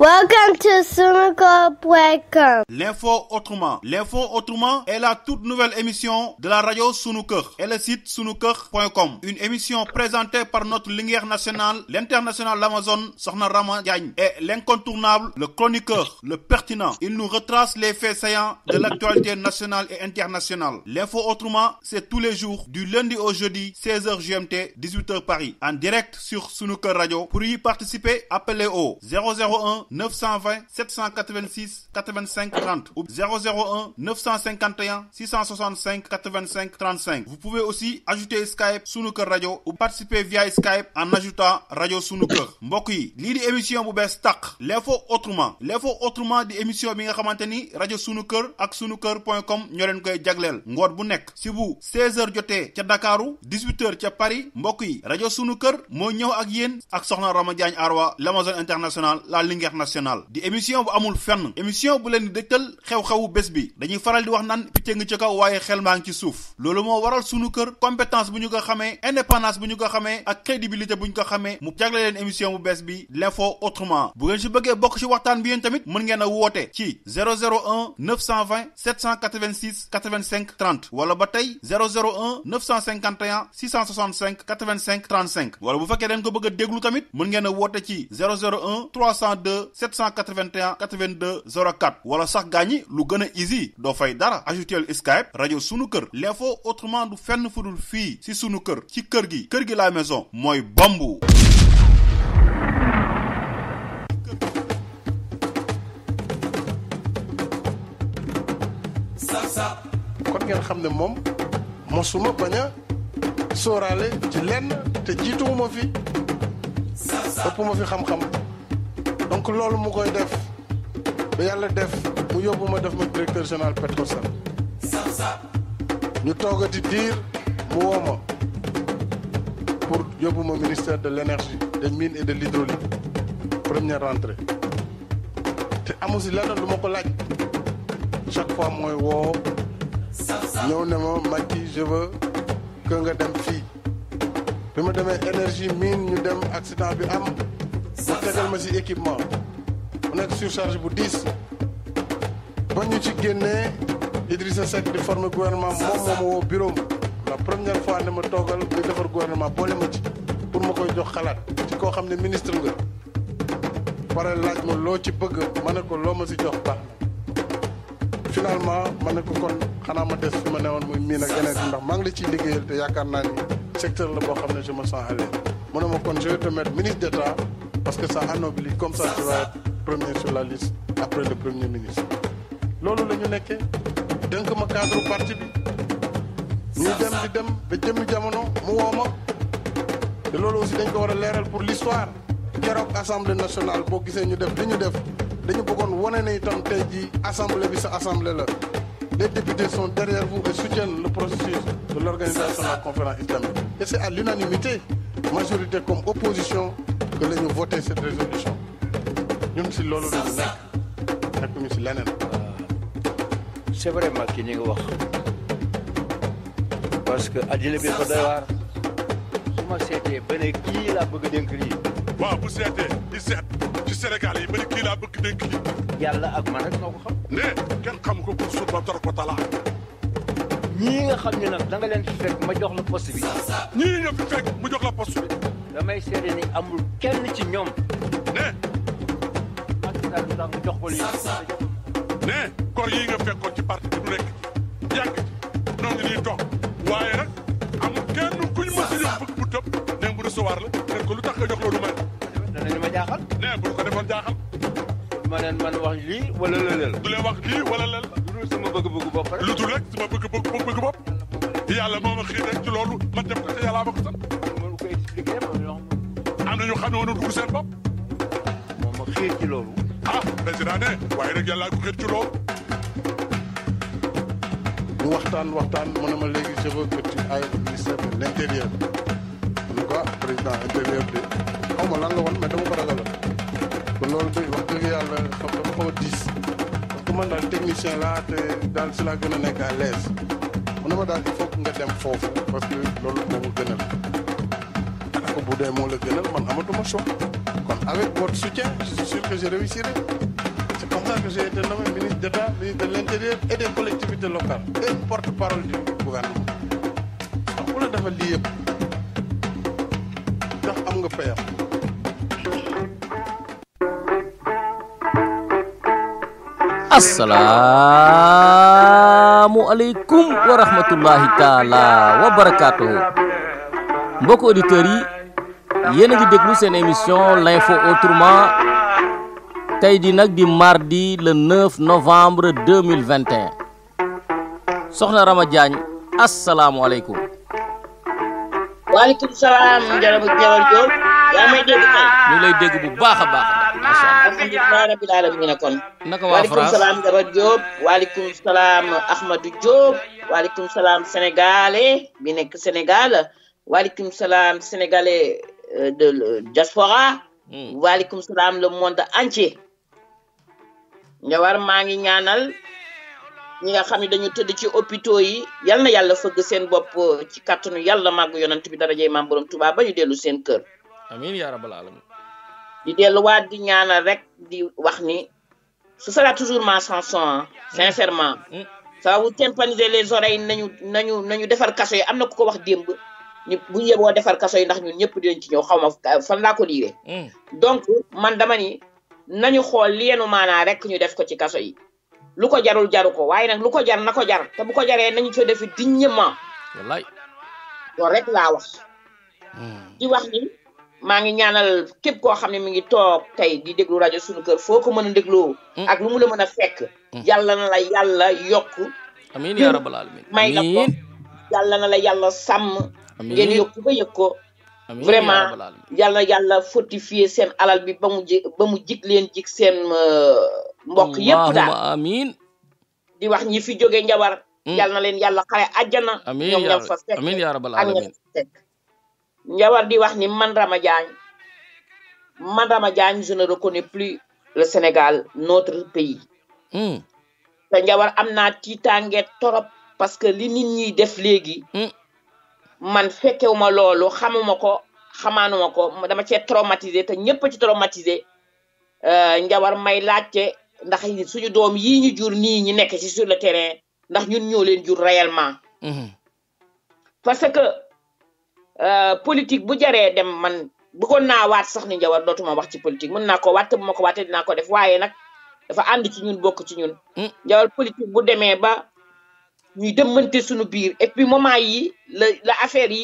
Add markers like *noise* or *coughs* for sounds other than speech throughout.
Welcome to L'info autrement. L'info autrement est la toute nouvelle émission de la radio Sunuker et le site sunuker.com. Une émission présentée par notre lumière nationale, l'international Amazon Sohna Rama et l'incontournable, le chroniqueur, le pertinent. Il nous retrace les faits saillants de l'actualité nationale et internationale. L'info autrement, c'est tous les jours, du lundi au jeudi, 16h GMT, 18h Paris, en direct sur Sunuker Radio. Pour y participer, appelez au 001 920 786 85 30 ou 001 951 665 85 35. Vous pouvez aussi ajouter Skype Sunuker Radio ou participer via Skype en ajoutant Radio Sunuker. Mboki. L'idée émission bu l'info autrement l'info autrement de émission bi Radio Radio Sunuker ak sunuker.com ñoo leen koy si vous 16h jotee ca Dakaru 18h ca Paris mbokk Radio Sunuker Mo ñëw ak yéen ak l'Amazon International la Lingerna international di émission bu amul fenn émission bu leen di dëkkal xew-xewu bés bi dañuy faral di wax naan picc ngi ci kaw waaye xel maa ngi suuf loolu moo waral sunu kër compétence bu ñu ko xamee indépendance bu ñu ko xamee ak crédibilité bu ñu ko xamee mu jagle leen émission bu bi l'info autrement bu ngeen si bëggee bokk si waxtaan bi yéen tamit mën ngeen a ci 001 920 786 85 30 wala ba tey 001 951 665 85 35 wala bu fekkee dañ ko bëgg a déglu tamit mën ngeen a ci 001 302 781 82 04 wala sax gañi lu gëna easy do fay dara ajoutel Skype radio sunu kër l'info autrement du fenn fudul fii si sunu kër ci kër gi kër gi la maison mooy bambu. kon ngeen xam ne moom mosuma bañ a sóoraale ci lenn te jiituwuma fi ëpp ma fi xam-xam donc loolu mu koy def ba yàlla def mu yóbbu ma def ma directeur général Petrosen ñu toogati diir mu woo ma pour yóbbu ma ministère de l'énergie des mines et de l'hydraulique première rentrée te amu si lenn lu ma ko laaj chaque fois mooy woo ñëw ne ma Macky je veux que nga dem fii bi ma demee énergie mine ñu dem accident bi am tegal ma si équipement mu nekk charge bu diis ba ñu ci génnee Idrissa Seck di former gouvernement moom moo ma woo bureau la première fois ne ma toogal muy defar gouvernement boole ma ci pour ma koy jox xalaat ci koo xam ne ministre nga pare laaj ma loo ci bëgg ma ne ko loo ma si jox baax finalement ma ne ko kon xanaa ma des fi ma newoon muy miin ak yeneen ndax maa ngi la ciy liggéeyal te yaakaar naa ni secteur la boo xam ne je me sens à l'aise mu ma kon je vais parce que ça anoblit comme ça tu vas être premier sur la liste après le premier ministre loolu la ñu nekkee ma cadre parti bi ñu dem di dem be jëmmi jamono mu woo ma te aussi dañ ko wara léral pour l'histoire Kérok assemblée nationale bo gisé ñu def li def dañu bëggoon wane ne itam tey jii assemblée bi sa assemblée la les députés sont derrière vous et soutiennent le processus de l'organisation de la conférence islamique et c'est à l'unanimité majorité comme opposition que la ñu voté cette résolution ñun si loolu la ñu nekk nekkuñu si leneen. c'est vraiment kii ni nga wax parce que àddina bi dafa doy waar su ma seetee ba ne kii laa bëgg dénk lii. waaw bu seetee di seet ci Sénégal yi ba ne kii laa bëgg dénk lii. yàlla ak man rek noo ko xam. ne kenn xam ko pour suuf ba tor ko talaa. ñii nga xam ne nag da nga leen fi fekk ma jox la poste bi. ñii nga fi fekk mu jox la poste bi. damay seede ni amul kenn ci ñoom. ne. Macky Sall sax mu jox ko lii. ne kor yii nga fekkoon ci parti bi du nekk yàgg noo ngi nii toog waaye nag amul kenn ku ñu mën si ñëw bëgg bu tëb ne bu recevoir la nen ko lu tax nga jox loolu man. danañu ma jaaxal. ne bu ñu ko defoon jaaxal. ma leen man wax lii wala lëleel. du leen wax lii wala lëleel. lu dul sama bëgg-bëggu bopp rek. lu dul rek sama bëgg-bëggu bopp. yàlla moom a xiir rek ci loolu man def ko te yàlla ma ko sant. xam ne woon na dugg seen bopp. moom ma xëy ci loolu. ah président ne waaye nag ci loolu. ñu waxtaan waxtaan mu ne ma léegi je veux que tu ailles au ministère de l' intérieur. en président intérieur bi xaw ma lan la woon mais dama ko ragal kon loolu bi wax dëgg yàlla xam dafa xaw a diis parce que man daal technicien laa te daal si laa gën a nekk à l'aise mu ne ma daal il nga dem foofu parce que loolu moomu gënal. bu mo le gënal man amatu ma choix kon avec votre soutien je suis sûr que je réussirai c'est pour ça que j'ai été nommé ministre d'État ministre de l'Intérieur et des collectivités locales et porte-parole du gouvernement ndax wala dafa li lii yëpp am nga payam asalaamaaleykum wa rahmatullahi taala wa barakaatuhu mbokk auditeurs yi yéen a ngi déglu seen émission l'info autrement tey di nag di mardi le 9 novembre 2021 soxna Rama Diagne asalaamualeykum. waaleykum salaam salam Diawar Diop. yaa may dégg tey. ñu lay dégg bu baax a baax. macha naka waa France salaam Diop. waaleykum salaam Ahmadou sénégalais bi nekk Sénégal. waaleykum salaam sénégalais Euh, de diaspora hmm. waaleykum salaam le monde entier nga war maa ngi ñaanal ñi nga xam ne dañu tëdd ci hôpitaux yi yal na yàlla fëgg seen bopp euh, ci kàttanu yàlla màggu yonent bi dara maam borom Tuubaa ba ñu dellu seen kër amiin yaa rabbal di delluwaat ñaanal rek di wax ni ce sera toujours ma chanson hmm. sincèrement hmm. ça va vous tympaniser nañu nañu nañu defar kaso yi am na ku ko wax démb bu ñu yeboo defar kaso yi ndax ñun ñëpp dinañ ci ñëw xaw ma fan laa ko liiree. Mm. donc man dama ni nañu xool li yenu rek ñu def ko ci kaso yi. lu ko jarul jaru ko waaye nag lu ko jar na ko jar te bu ko jaree nañu ko defi dignement. wallaay loolu rek laa wax. Mm. di wax ni maa ngi ñaanal képp koo xam ne mi ngi toog tey di déglu rajo suñu kër foo ko mën a dégloo. Mm. ak lu mu la mën a fekk. yàlla na la yàlla yokk. may nga ko yàlla na la yàlla sàmm. ngeen yokk ba yëg ko vraiment yàlla yàlla fortifier seen alal bi ba mu ba mu jik leen jik seen euh, mbokk yépp daal amin di wax ñi fi jóge njabar hmm. yàlla na leen yàlla xare àjjana ñoom ñam fa fekk amin yaa rabbal alamin njabar di wax ni man Rama Diagne man Rama Diagne je ne reconnais plus le Sénégal notre pays hmm. te njabar am naa tiitaange torop parce que li nit ñi def léegi hmm. man fekkewuma loolu xamuma ko xamaanuma ko dama cee traumatisé te ñëpp ci traumatisé euh, njawar may laajte ndax suñu doom yii ñu jur nii ñu nekk ci sur le terrain ndax ñun ñoo leen jur réellement mhm. parce que euh, politique bu jaree dem man bëggoon naa waat sax ni njawar dootuma wax ci politique mën naa ko waat te bu ma ko waatee dinaa ko def waaye nag dafa ànd ci ñun bokk ci ñun mm. njawar politique bu demee ba ñuy dëmmante suñu biir et moment yi la la affaire yi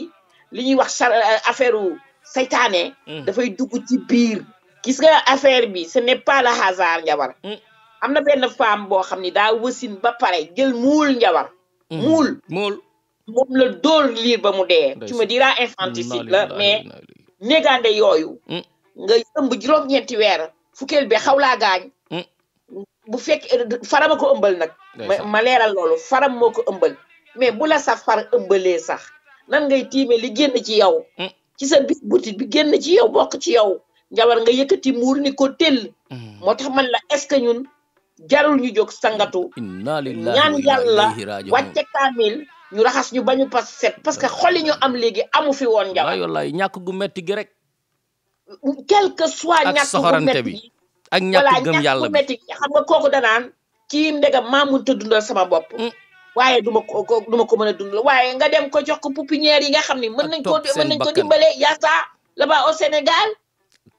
li ñuy wax euh, affaire u saytaane hmm. dafay dugg ci biir gis nga affaire bi ce n'est pas le hasard njabar hmm. am na benn femme boo xam ni daa wasin ba pare jël muul njawar hmm. muul muul moom la dóor liir ba mu dee tu me diras infanticide la mais négaande yooyu nga ëmb juróom-ñeenti weer fukkeel bi xaw laa gaañ bu fekkee euh, farama ko ëmbal nag. ma leeral loolu faram moo ko ëmbal. mais bu la sax far ëmbalee sax nan ngay tiime li génn ci yow. Hmm. ci sa bis butit bi génn ci yow bokk ci yow. njabar nga yëkkati muur ni ko tell. Hmm. moo tax man la est-ce que ñun jarul ñu jóg sangatu. ñaan yàlla wàcce kaamil. ñu raxas ñu bañu pas set parce que xol yi ñu am léegi amu fi woon njabar. wallaay ñàkk gu metti gi rek. quelque que soit ñàkk gu metti bi ak ñàkk gëm yàlla bi xam nga kooku danaan kii ndegam maa mënut dundal sama bopp. Mm. waaye duma ma ko du ko mën a dundal waaye nga dem ko jox ko pouponnière yi nga xam ne mën nañ ko mën nañ ko dimbale yasa là-bas au Sénégal.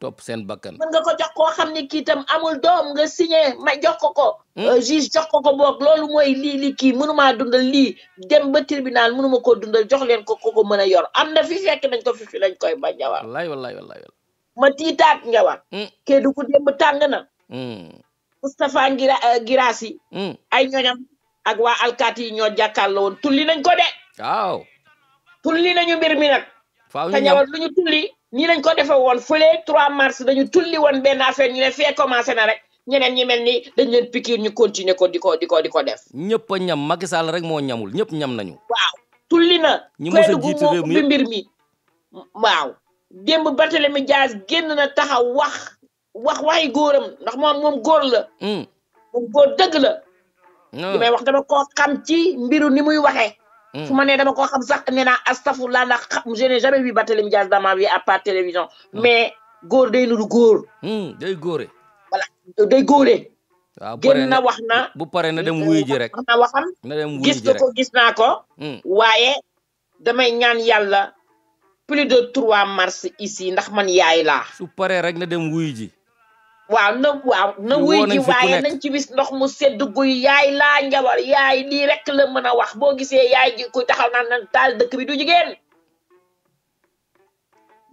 topp seen bakkan mën nga ko jox koo xam ne kii tam amul doom nga signé ma jox ko ko. Mm. Euh, juge jox ko ko boog loolu mooy lii li kii mënumaa dundal lii dem ba tribunal mënuma koo dundal jox leen ko ko mën a yor am na fi fekk nañ ko fi fi lañ koy bañ a wallaay wallaay wallaay ma tiitaat nga wax. Mm. Kédougou démb tàng na. Mm. Moustapha Ngira euh, Girassi. Mm. ay ñoñam ak waa alkaati yi ñoo jàkkaarloo woon tulli nañ ko de. waaw. tulli nañu mbir mi nag. faaw ñu ñëw lu ñu tulli. nii nañ ko defee woon fële 3 mars dañu tulli woon benn affaire ñu ne fee commencé na rek ñeneen ñi mel ni dañ leen pikiir ñu continuer ko di ko di ko di ko def. ñëpp a ñam Macky rek moo ñamul ñëpp ñam nañu. waaw tulli na. ñi mos a jiitu mbir mi waaw. démb Barthélemy Dias génn na taxaw wax wax waxi góoram ndax moom moom góor la. Hmm. moom góor dëgg la. li wax dama ko xam ci mbiru ni muy waxee. su hmm. ma nee dama koo xam sax nee naa astafurlah ndax xam je n'ai jamais vu Barthélemy Dias dans ma vie à part télévision hmm. mais góor day nuru góor. day góore. voilà day góore. waaw génn na wax na. bu pare na dem wuyu ji rek. na gis ko gis naa ko. waaye damay ñaan yàlla. plus de trois mars ici ndax man yaay laa. su paree rek na dem wuy ji. waaw na waaw na wuy ji waaye nañ ci bis ndox mu sedd guy yaay laa njawar yaay lii rek la mën a wax boo gisee yaay ji kuy taxaw naan nan taal dëkk bi du jigéen.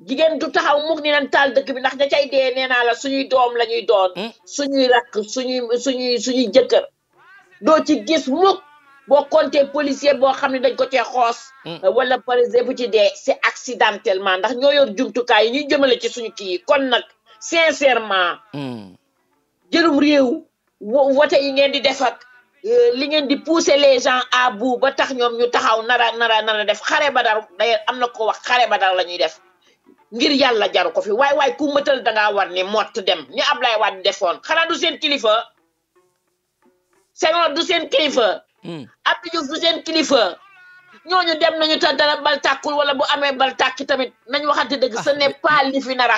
jigéen du taxaw mukk ni nan taal dëkk bi ndax ña cay dee nee naa la suñuy doom la ñuy doon. Hmm? suñuy rakk suñuy suñuy suñuy jëkkër. doo ci gis mukk boo compté policier bo xam dañ ko cee xoss mm. euh, wala par exemple ci dé c'est accidentellement ndax ñoo yor jumtukaay yi ñuy jëmale ci suñu ki kon nak sincèrement. Mm. jëlum réew wote yi ngeen di def ak euh, li ngeen di pousser les gens à bout ba tax ñom ñu taxaw nara nara nara def xaré ba dar d'ailleurs amna ko wax xaré ba dar lañuy def ngir yalla jar ko fi way way ku da nga war ni mott dem ñu Ablaye Wade defone xanaa du seen kilifa c'est Senghor du seen kilifa Mm. Abdou Diouf du seen kilifa ñooñu dem nañu ta dara bal tàkkul wala bu amee bal tàkki tamit nañ waxante dëgg ce n'est pas li fi nar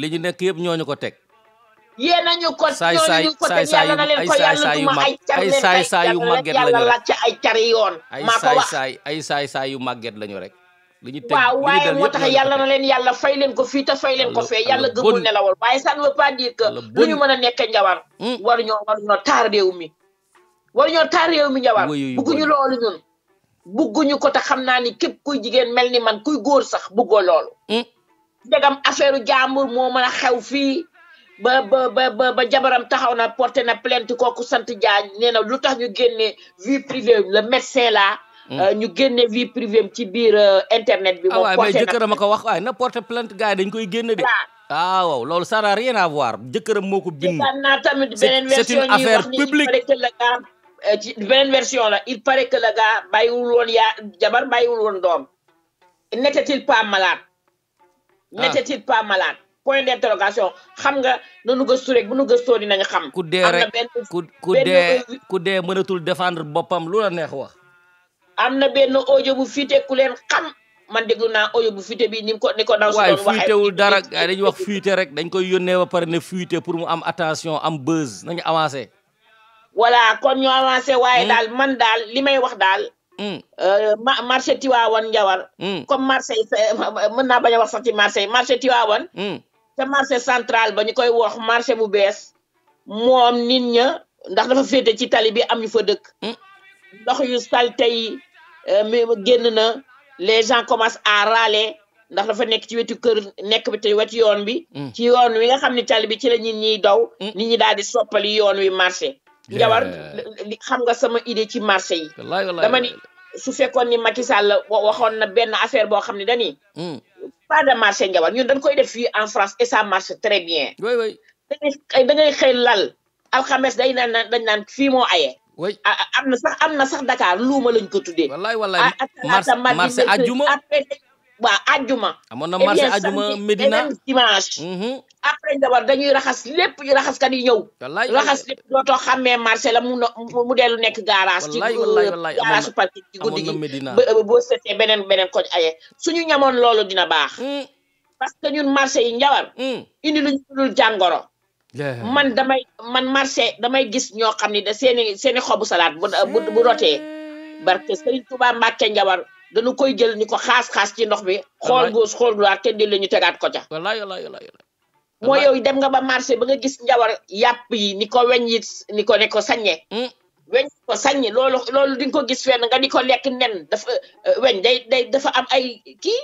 li ñu nekk yëpp ñooñu ko teg. yéen a ñu ko ñooñu ñu ko teg yàlla na leen ko yàlla na ma ay car leen ay car leen yàlla laaj ay cari yoon. maa ko wax ay saay saay yu màgget lañu rek. li ñu teg waaw waaye moo tax yàlla na leen yàlla fay leen ko fii te fay leen ko fee yàlla gëmul ne la woon waaye ça ne veut pas dire que ñu mën a nekk njabar hmm. waruñoo waruñoo taar réew mi war ñoo taar réew mi ñu bugguñu loolu ñun bugguñu ko te xam naa ni képp kuy jigéen mel ni man kuy góor sax buggoo loolu eh. ndegam affaire jàmbur moo mën a xew fii ba ba ba ba jabaram taxaw na porté na plainte kooku sant Jaañ nee na lu tax ñu génne vie privée le médecin la hmm. euh, ñu génne vie privée ci biir euh, internet bi. Ah moom porté na waaw mais a ko wax waaye na porté plainte gars yi dañ koy génne de. ah waaw loolu ça n'a rien à voir jëkkëram moo ko bind. c'est une affaire publique Euh, ci beneen version la il paraît que la gars bàyyiwul woon yaa jabar bàyyiwul woon doom n'était-il pas malade ah. n'était-il pas malade point d'interrogation xam nga nunu gëstu rek bu nu gëstoo dinañ xam ku dee rek ku ku dee ku dee mënatul défendre boppam lu la neex wax am na benn audio fiite fuité ku leen xam man déglu naa audio bu fuité bi ni ko ni ko daw si doon waxee waaye wax fuité rek dañ koy yónnee ba pare ne fuité pour mu am attention am buzz nañu avancé voilà kon ñu avancé waaye hmm. daal man daal li may wax daal hmm. euh, marché Tiwaawan Njawar hmm. comme marché mën naa bañ a wax sax ci marché marché Tiwaawan te marché central ba ñu koy wax marché bu bees moom nit ña ndax dafa féete ci tali bi am ñu fa dëkk ndox yu salte yi euh, génn na les gens commencent à râler ndax dafa nekk ci wetu kër nekk bi te wetu yoon bi ci yoon wi nga xam ne tali bi ci la nit ñiy daw nit ñi daal di soppali yoon wi marché njawar xam nga sama idée ci marché yi dama ni su fekkoon ni Macky waxoon na benn affaire boo xam ne dani mm. pas de marché njawar ñun dañ koy def fii en France et ça marche très bien oui oui da ngay xëy lal alxames day naan dañ naan fii moo aye am na sax am na sax Dakar luuma lañ ko tuddee wallaay wallaay marché ajuma après waaw ajuma amoon na marché eh ajuma Médina dimanche mm-hmm. après d'abord dañuy raxas lépp yi raxaskat yi ñew raxas lépp dootoo xamé marché la mu mu dellu nekk garage ci euh, garage parti ci guddi gi euh, boo setee benen beneen koñ aye suñu ñamoon lolu dina bax hmm. parce que ñun marché yi njawar hmm. indi luñu dul jangoro man damay man marché damay gis ño xamni da seen seen xobu salaat bu bu roté barke serigne touba mbàkke njawar dañu koy jël ni ko xaas xaas ci ndox bi xol góos xol gloire té di lañu ñu ko ca wallahi wallahi wallahi moo yow dem nga ba marché ba nga gis njawar yàpp yi ni ko weñ yi ni ko ne ko saññee hmm. weñ ko saññe loolu loolu di nga ko gis fenn nga di ko lekk nen dafa euh, weñ day day dafa am ay kii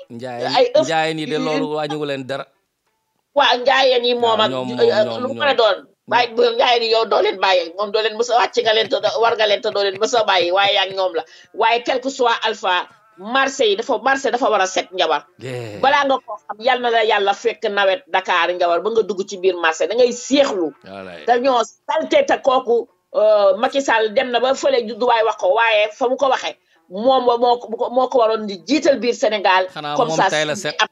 ay ëf njaayeen yi de loolu wàññiwu leen dara waaw njaayeen yi moom ak euh, euh, lu mën a doon waaye njaayeen yi yow doo leen bàyyi moom doo leen mës a wàcc nga leen te war nga leen te doo leen mës a bàyyi waaye yaa ngi ñoom la waaye quel que soit alpha marché yi dafa marché dafa war a set njabar balaa nga koo xam yal na la yàlla fekk nawet Dakar njabar ba nga dugg ci biir marché da ngay séexlu dañoo salte ta kooku euh, Macky Sall dem na ba fële judduwaay wax ko waaye fa mu ko waxee moom moo ko ko waroon di jiital biir Sénégal comme ça am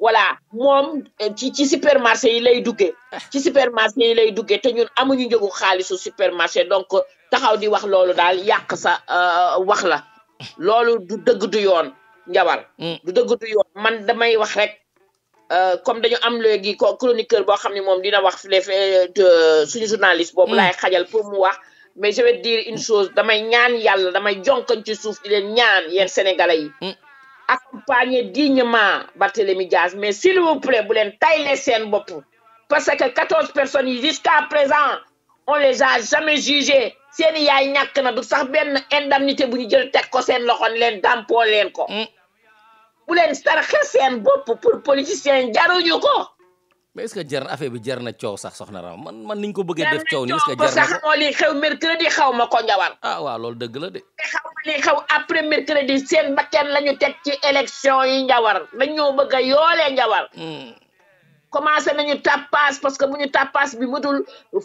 voilà moom euh, ci ci supermarché yi lay duggee ci supermarché yi lay duggee te ñun amuñu njëgu xaalisu supermarché donc taxaw di wax loolu daal yàq sa euh, wax la loolu du deug du yoon njabar mm. du deug du yoon man damay wax rek euh comme dañu am legui ko chroniqueur bo xamni mom dina wax les euh, euh, suñu journaliste bobu mm. lay xajal pour mu wax mais je vais dire une chose damay ñaan yalla damay jonkoñ ci suuf di len ñaan yeen sénégalais yi mm. accompagner dignement Barthélémy Diaz mais s'il vous plaît bu len tay les seen bop parce que 14 personnes jusqu'à présent on les a jamais jugées seeni yaay ñàkk na du sax benn indemnité bu ñu jël teg ko seen loxo ne leen dàmpoo leen ko mm. bu leen saraxe seen bopp pour politicien jaruñu ko mais est-ce que jar na affaire bi jar na coow sax soxna Rama man man niñ ko bëggee def coow ni est-ce que jar na sax moo li xew mercredi xaw ma ko njawar ah waaw loolu dëgg la de xaw ma li xew seen bakkan la ñu teg ci élection yi njawar dañoo bëgg yoo yoolee njawar mm. commencé nañu tappaas parce que bu ñu tappaas bi mëtul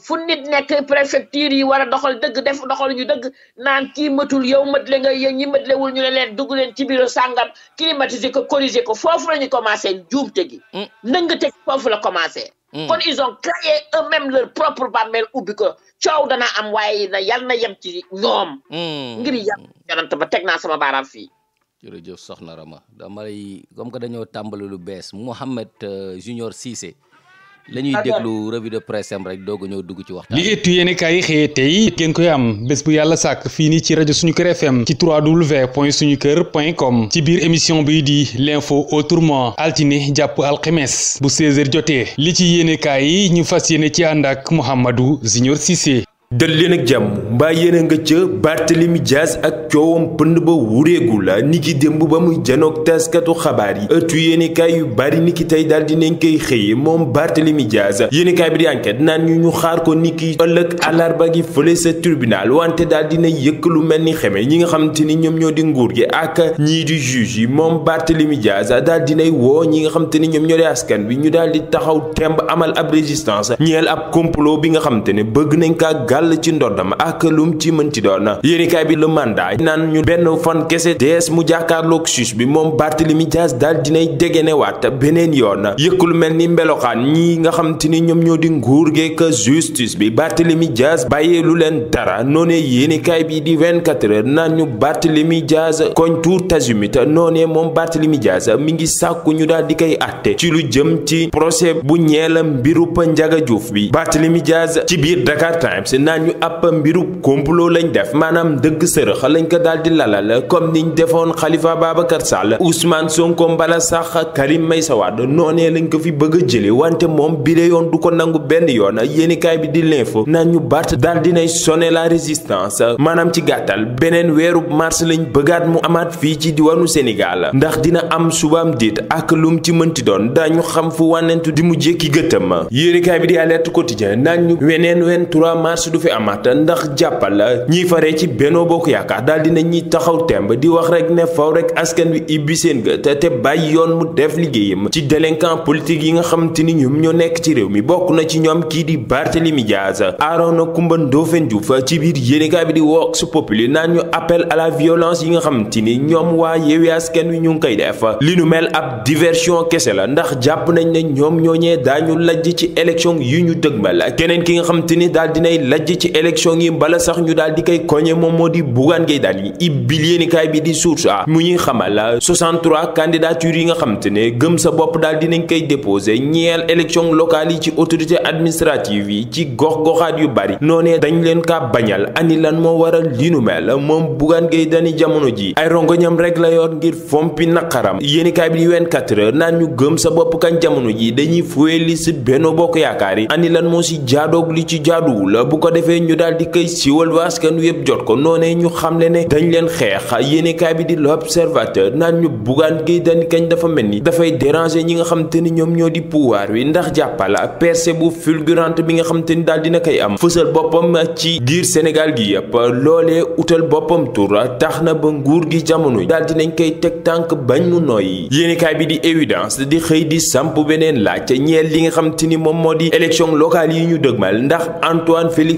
fu nit nekk préfecture yi wara a doxal dëgg def doxal ñu dëgg naan kii matul yow mëtle nga yow ñi mëtlewul ñu ne leen dugg leen ci biiru sàngam climatiser ko corriger ko foofu la ñu commencé njuumte gi mm. nëngte gi foofu la commencé mm. kon ison ont créé eux-mêmes leur propre bàmmeel ubbi ko coow danaa am waaye na yal na yem ci ñoom mm. ngir yàlla yonant ba teg naa sama baaraam fii jërëjëf soxna Rama damay comme que dañoo tàmbali lu bees Mouhamed euh, Junior Cissé. la ñuy déglu de presse am rek doog a dugg ci waxtaan. li ëttu yéen kaay tey ngeen koy am bés bu yàlla sàkk fii nii ci rajo suñu kër FM ci 3w point suñu kër point com ci biir émission bi di l'info autrement altine jàpp alxemes bu 16h jotee li ci yéen yi ñu fas yéene ci ànd ak Mouhamadou Junior Cissé. dal leen ak jàmm mbaa yéen nga ca Barthélemy Dias ak coowam pënd ba wureegul ni ki démb ba muy janoog taskatu xabaar yi ëttu yéenekaay yu bari ni ki tey daal dinañ koy xëye moom Barthélemy Dias yéenekaay bi di enquête naan ñu ñu xaar ko ni ki ëllëg àllarba gi fële sa tribunal wante daal dina yëkk lu mel ni xeme ñi nga xamante ni ñoom ñoo di nguur gi ak ñii di juge yi moom Barthélemy Dias daal dinay woo ñi nga xamante ni ñoom ñoo di askan bi ñu daal di taxaw temb amal ab résistance ñeel ab complot bi nga xamante ne bëgg nañ kaa dal ci ndoddam ak lum ci mën ci doon yéenikaay bi le mandat naan ñu benn fan kese dees mu jàkkaarloog sus bi moom Barthélemy Dias daal dinay dégenewaat beneen yoon yëkk lu mel ni mbeloxaan ñi nga xam ni ñoom ñoo di nguur geek justice bi Barthélemy Dias bàyyee lu leen dara noonee yéenikaay bi di 24 heures naan ñu Barthélemy Dias koñ tuur tasumit noonee moom Barthélemy Dias mi ngi sàkku ñu daal di koy àtte ci lu jëm ci procès bu ñeela mbiru pa Ndiaga Diouf bi Barthélemy Dias ci biir naan ñu ab mbirub complot lañ def maanaam dëgg sërëx lañ ko daal di lalal comme niñ defoon Khalifa Babacar Sall Ousmane Sonko mbala sax Karim Meïssa Wade noonee lañ ko fi bëgg a jële wante moom bile yoon du ko nangu benn yoon yéenikaay bi di l'info naan ñu Barth daal nay sonne la résistance maanaam ci gàttal beneen weeru mars lañ bëggaat mu amaat fii ci di diwaanu Sénégal ndax dina am subaam diit ak lum ci mënti doon daañu xam fu wànnentu di mu jékki gëtëm yéenikaay fi amaat ndax jàppal ñiy faree ci Benno Bokk Yaakaar daal dina ñuy taxaw temb di wax rek ne faw rek askan wi ibbi seen gët te bàyyi yoon mu def liggéeyam ci délinquant politique yi nga xamante ni ñoom ñoo nekk ci réew mi bokk na ci ñoom kii di Barthélemy Diaz Arona Coumba Ndoffène Diouf ci biir yéenekaay bi di Vox Populi naan ñu appel à la violence yi nga xamante ni ñoom waa Yewwi Askan Wi ñu ngi koy def li nu mel ab diversion kese la ndax jàpp nañ ne ñoom ñooñee daañu lajj ci élection yi ñu dëgmal keneen ki nga xamante ni daal dinay lajj metti ci élection yi bala sax ñu daal di koy koñe moom moo di Bougane Gueye Dany ibbil yéenikaay bi di source mu ñuy xamal 63 yi nga xam ne gëm sa bopp daal dinañ koy déposé ñeel élection locale yi ci autorité administrative yi ci gox-goxaat yu bari noonee dañ leen kaa bañal ani lan moo waral li nu mel moom Bougane Gueye Dany jamono ji ay rongoñam rek la yor ngir fompi naqaram yéenikaay bi di 24 heures naan ñu gëm sa bopp kañ jamono ji dañuy fuwee liste Benno Bokk Yaakaar yi ani lan moo si jaadoog li ci jaaduwul bu ko ñu daal di koy siiwal ba askan wi jot ko noonee ñu xamle ne dañ leen xeex yenekaay bi di l'observateur naan ñu Bougane Gueye Dany kañ dafa mel ni dafay déranger ñi nga xamante ni ñoom ñoo di pouvoir wi ndax a percée bu fulgurante bi nga xamante ni daal dina koy am fësal boppam ci giir Sénégal gi yëpp loole utal boppam tur tax na ba nguur gi jamono daal dinañ koy teg tànk bañ mu nooy yéenekaay bi di évidence di xëy di samp beneen laaj ñeel li nga xamante ni moom moo di élection locale yi ñu dëgmal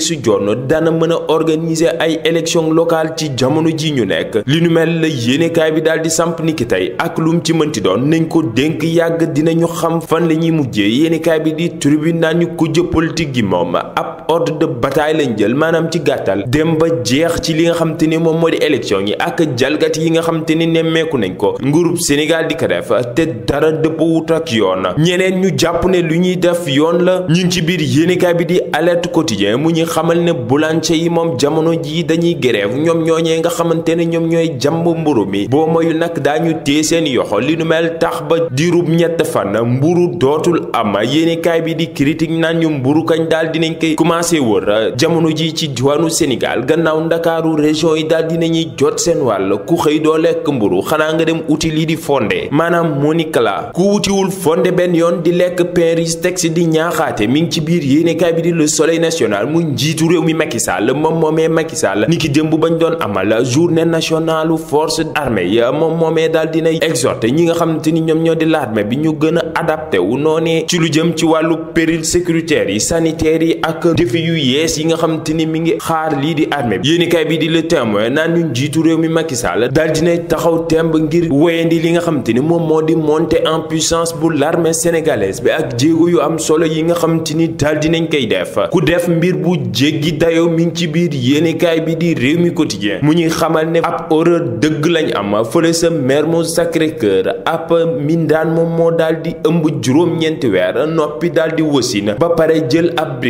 Félix Diome dana mën a organiser ay élections locales ci jamono ji ñu nekk li nu mel la yéenekaay bi daal di samp niki tey ak lum ci mënti doon nañ ko dénk yàgg dinañu xam fan la ñuy mujjee yéenekaay bi di tribune nañu kujje politique gi moom ab ab ordre de bataille lañ jël maanaam ci gàttal dem ba jeex ci li nga xam ni moom moo di élection yi ak jalgati yi nga xam ni nemmeeku nañ ko nguurub Sénégal di ko def te dara dëppwut ak yoon ñeneen ñu jàpp ne lu ñuy def yoon la ñu ci biir yéenekaay bi di alerte quotidien mu ñuy xamal ne boulanger yi moom jamono jii dañuy grève ñoom ñooñee nga xamante ne ñoom ñooy jàmb mburu mi boo mayul nag daañu téye seen yoxo li nu mel tax ba diirub ñett fan mburu dootul am yéenekaay bi di critique naan mburu commencé wër jamono ji ci diwaanu Sénégal gannaaw ndakaaru région yi daal dinañuy jot seen wàll ku xëy doo lekk mburu xanaa nga dem uti lii di fonde maanaam monikala ku wutiwul fonde benn yoon di lekk pain riz texte di ñaaxaate mi ngi ci biir yéenekaay bi di Le Soleil national mu njiitu réew mi Macky Sall moom moomee Macky Sall ni ki démb bañ doon amal journée nationale force armée ya moom moomee daal dinay exhorté ñi nga xamante ni ñoom ñoo di l'armée bi ñu gën a adapté wu noonee ci lu jafe-jafe yu yees yi nga xamante ni mi ngi xaar lii di armée bi yéenekaay bi di Le Témoin naan ñun jiitu réew mi Macky Sall daal dina taxaw temb ngir wéyandi li nga xamante ni moom moo di montée en puissance bu l'armée sénégalaise bi ak jéego yu am solo yi nga xamante ni daal dinañ koy def ku def mbir bu jéggi dayoo mi ngi ci biir yéenekaay bi di réew mi quotidien mu ñuy xamal ne ab horreur dëgg lañ am fële sa Mermoz Sacré-Cœur ab mindaan moom moo daal di ëmb juróom-ñeenti weer noppi daal di wasin ba pare jël ab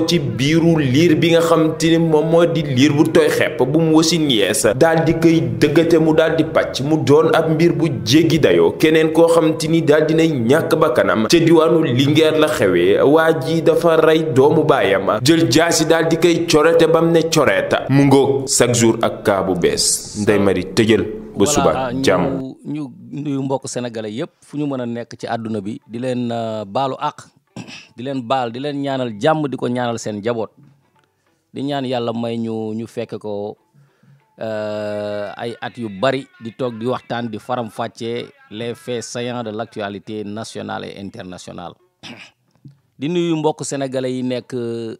ko ci biiru liir bi nga xam te ni moom moo di liir bu tooy xepp bu mu wasin yees daal di koy dëggate mu daal di pàcc mu doon ab mbir bu jéggi dayoo keneen koo xam te ni daal dinay ñàkk bakkanam ca diwaanu Linguère la xewee waa ji dafa rey doomu baayam a jël jaasi daal di koy corete bam ne coreta mu ngoog chaque jour ak kaa bu bees Ndeye Marie tëjël ba suba jàmm ñu nuyu mbokk sénégalais yépp fu ñu mën a nekk ci àdduna bi di leen euh, baalu àq di leen baal di leen ñaanal jàmm di ko ñaanal seen jaboot di ñaan yàlla may ñu ñu fekk ko euh, ay at yu bari di toog di waxtaan di faram-fàccee les faits saillants de l'actualité nationale et internationale *clears throat* di nuyu mbokk sénégalais yi nekk euh,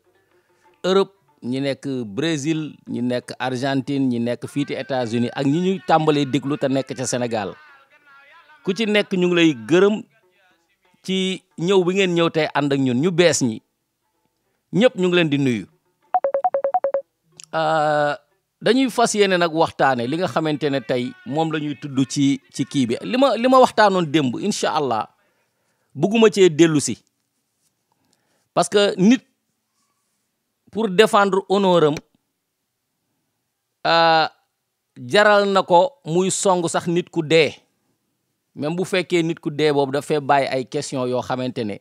Europe ñi nekk Brésil ñi nekk Argentine ñi nekk fii ci États-Unis ak ñi ñuy tàmbalee déglu te nekk ca Sénégal ku ci nekk ñu ngi lay gërëm ci ñëw bi ngeen ñëw tey ànd ak ñun ñu bees ñi ñëpp ñu ngi leen di nuyu euh, dañuy fas yéene nag waxtaane li nga xamante ne tey moom la ñuy tudd ci ci kii bi li ma li ma waxtaanoon démb incha allah bugguma ci dellu si parce que nit pour defendre honneur am euh, jaral na ko muy song sax nit ku dee même bu fekkee nit ku dee boobu dafay bàyyi ay question yoo xamante ne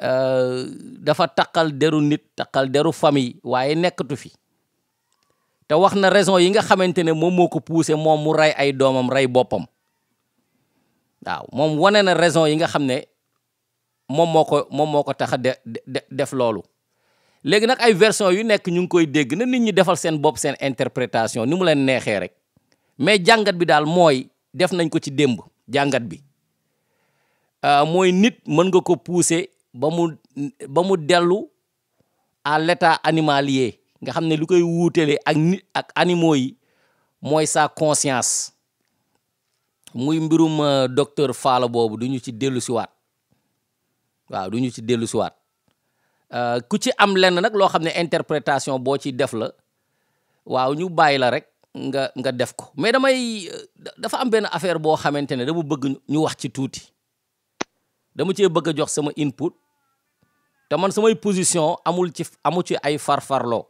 euh, dafa taqal deru nit taqal deru famille waaye nekkatu fi te wax na raison yi nga xamante ne moom moo ko poussé moom mu rey ay doomam rey boppam waaw moom wane na raison yi nga xam ne moom moo ko moom moo ko tax a de def loolu léegi nag ay version yu nekk ñu ngi koy dégg na nit ñi defal seen bopp seen interprétation ni mu leen neexee rek mais jàngat bi daal mooy def nañ ko ci démb jàngat bi euh, mooy nit mën nga ko pousser ba mu ba mu dellu à l'état animalier nga xam ne lu koy wuutale ak nit ak animaux yi mooy sa conscience muy mbirum euh, docteur Faala boobu du ñu ci dellu siwaat waaw du ci dellu siwaat euh, ku ci am lenn nag loo xam ne interpretation boo ci def la waaw ñu bàyyi la rek nga nga def ko mais damay dafa am benn affaire boo xamante ne dama bëgg ñu wax ci tuuti dama cee bëgg a jox sama input te man samay position amul ci amu ci ay farfarloo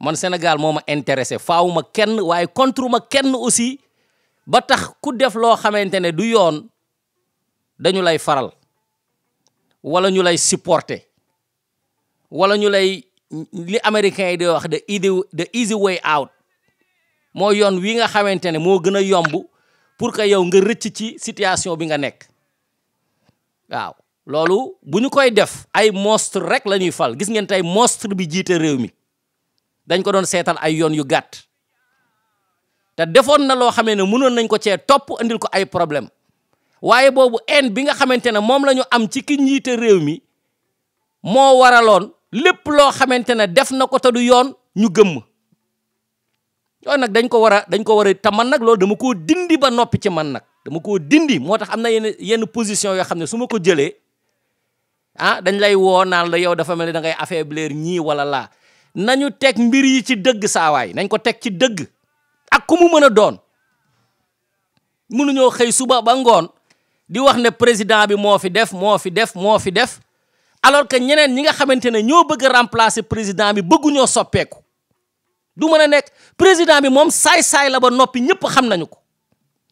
man Sénégal moo ma intéressé faaw ma kenn waaye contre ma kenn aussi ba tax ku def loo xamante ne du yoon dañu lay faral wala ñu lay supporter wala ñu lay li américain yi di wax the easy the easy way out moo yoon wi nga xamante ne moo gën a yomb pour que yow nga rëcc ci situation bi nga nekk waaw loolu bu ñu koy def ay monstre rek la ñuy fal gis ngeen tey monstre bi jiite réew mi dañ ko doon seetal ay yoon yu gàtt te defoon na loo xamee ne mënoon nañ ko cee topp indil ko ay problème waaye boobu haine bi nga xamante ne moom lañu am ci ki njiite réew mi moo waraloon lépp loo xamante ne def na ko te du yoon ñu gëmm yooyu nag dañ ko war a dañ ko war a nag loolu dama koo dindi ba noppi ci man nag dama koo dindi moo tax am na yenn yenn position yoo xam ne su ko jëlee ah dañ lay woo naan la yow dafa mel ni da ngay affaiblir ñii wala laa nañu teg mbir yi ci dëgg saawaay nañ ko teg ci dëgg ak ku mu mën a doon mënuñoo xëy suba ba ngoon di wax ne président bi moo fi def moo fi def moo fi def alors que ñeneen ñi nga xamante ne ñoo bëgg a remplacer président bi bëgguñoo soppeeku du mën a nekk président bi moom saay-saay la ba noppi ñëpp xam nañu ko